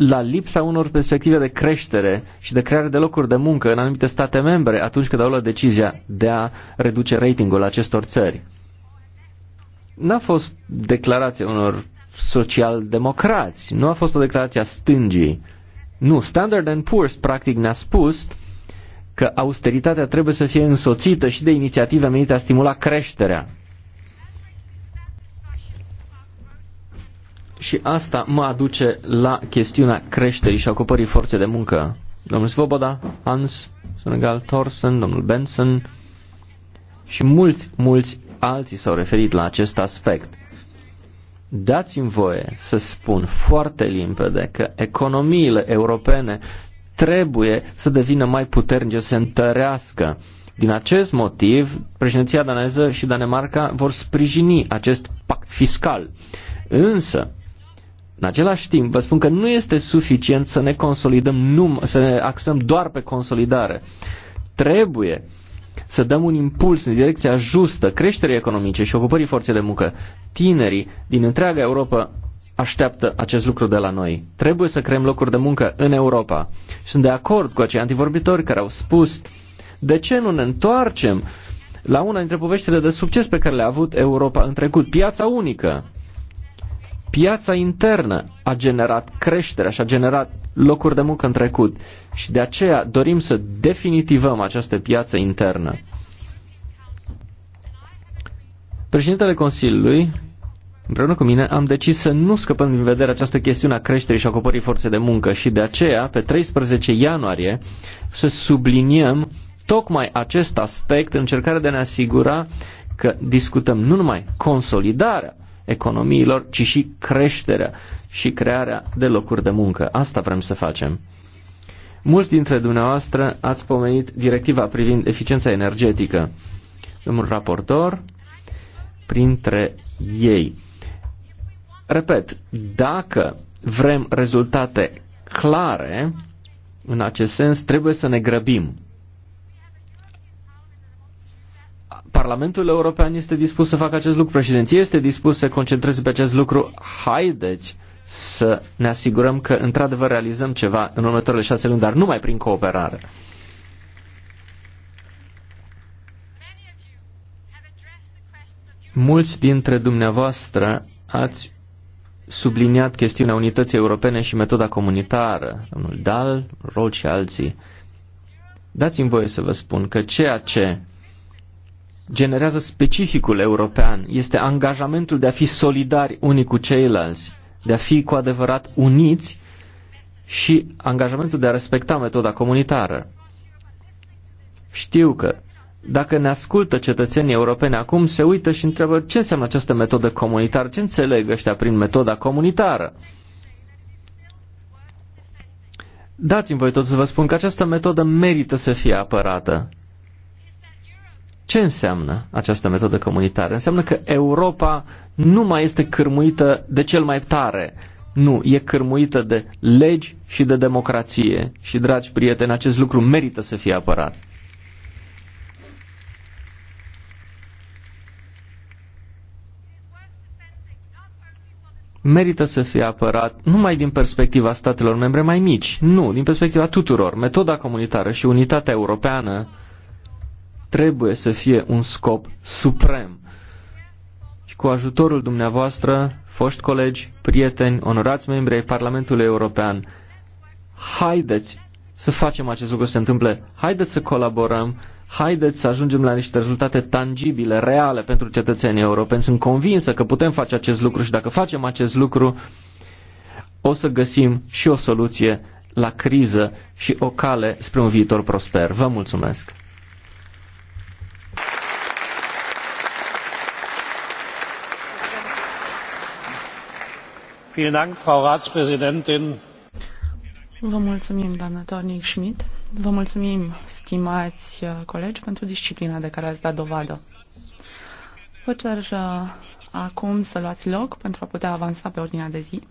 la lipsa unor perspective de creștere și de creare de locuri de muncă în anumite state membre atunci când au luat decizia de a reduce ratingul acestor țări. N-a fost declarație unor socialdemocrați, nu a fost o declarație a stângii. Nu, Standard and Poor's practic ne-a spus că austeritatea trebuie să fie însoțită și de inițiative menite a stimula creșterea. Și asta mă aduce la chestiunea creșterii și ocupării forței de muncă. Domnul Svoboda, Hans, Senegal, Thorsen, domnul Benson și mulți, mulți alții s-au referit la acest aspect. Dați-mi voie să spun foarte limpede că economiile europene trebuie să devină mai puternice, să se întărească. Din acest motiv, președinția daneză și Danemarca vor sprijini acest pact fiscal. Însă, în același timp, vă spun că nu este suficient să ne consolidăm, num- să ne axăm doar pe consolidare. Trebuie să dăm un impuls în direcția justă, creșterii economice și ocupării forței de muncă. Tinerii din întreaga Europa așteaptă acest lucru de la noi. Trebuie să creăm locuri de muncă în Europa. Sunt de acord cu acei antivorbitori care au spus de ce nu ne întoarcem la una dintre poveștile de succes pe care le-a avut Europa în trecut, piața unică. Piața internă a generat creștere și a generat locuri de muncă în trecut și de aceea dorim să definitivăm această piață internă. Președintele Consiliului, împreună cu mine, am decis să nu scăpăm din vedere această chestiune a creșterii și a ocupării forței de muncă și de aceea, pe 13 ianuarie, să subliniem tocmai acest aspect în încercarea de a ne asigura că discutăm nu numai consolidarea economiilor, ci și creșterea și crearea de locuri de muncă. Asta vrem să facem. Mulți dintre dumneavoastră ați pomenit directiva privind eficiența energetică. Domnul raportor, printre ei. Repet, dacă vrem rezultate clare, în acest sens trebuie să ne grăbim. Parlamentul European este dispus să facă acest lucru, președinția este dispus să concentreze pe acest lucru. Haideți să ne asigurăm că într-adevăr realizăm ceva în următoarele șase luni, dar numai prin cooperare. Mulți dintre dumneavoastră ați subliniat chestiunea unității europene și metoda comunitară, domnul Dal, Rol și alții. Dați-mi voie să vă spun că ceea ce generează specificul european, este angajamentul de a fi solidari unii cu ceilalți, de a fi cu adevărat uniți și angajamentul de a respecta metoda comunitară. Știu că dacă ne ascultă cetățenii europeni acum, se uită și întreabă ce înseamnă această metodă comunitară, ce înțeleg ăștia prin metoda comunitară. Dați-mi voi tot să vă spun că această metodă merită să fie apărată. Ce înseamnă această metodă comunitară? Înseamnă că Europa nu mai este cârmuită de cel mai tare. Nu, e cârmuită de legi și de democrație. Și, dragi prieteni, acest lucru merită să fie apărat. merită să fie apărat numai din perspectiva statelor membre mai mici, nu, din perspectiva tuturor. Metoda comunitară și unitatea europeană trebuie să fie un scop suprem. Și cu ajutorul dumneavoastră, foști colegi, prieteni, onorați membri ai Parlamentului European, haideți să facem acest lucru să se întâmple, haideți să colaborăm, haideți să ajungem la niște rezultate tangibile, reale pentru cetățenii europeni. Sunt convinsă că putem face acest lucru și dacă facem acest lucru, o să găsim și o soluție la criză și o cale spre un viitor prosper. Vă mulțumesc! Frau Ratspräsidentin. Vă mulțumim, doamnă Tornic Schmidt. Vă mulțumim, stimați uh, colegi, pentru disciplina de care ați dat dovadă. Vă cer uh, acum să luați loc pentru a putea avansa pe ordinea de zi.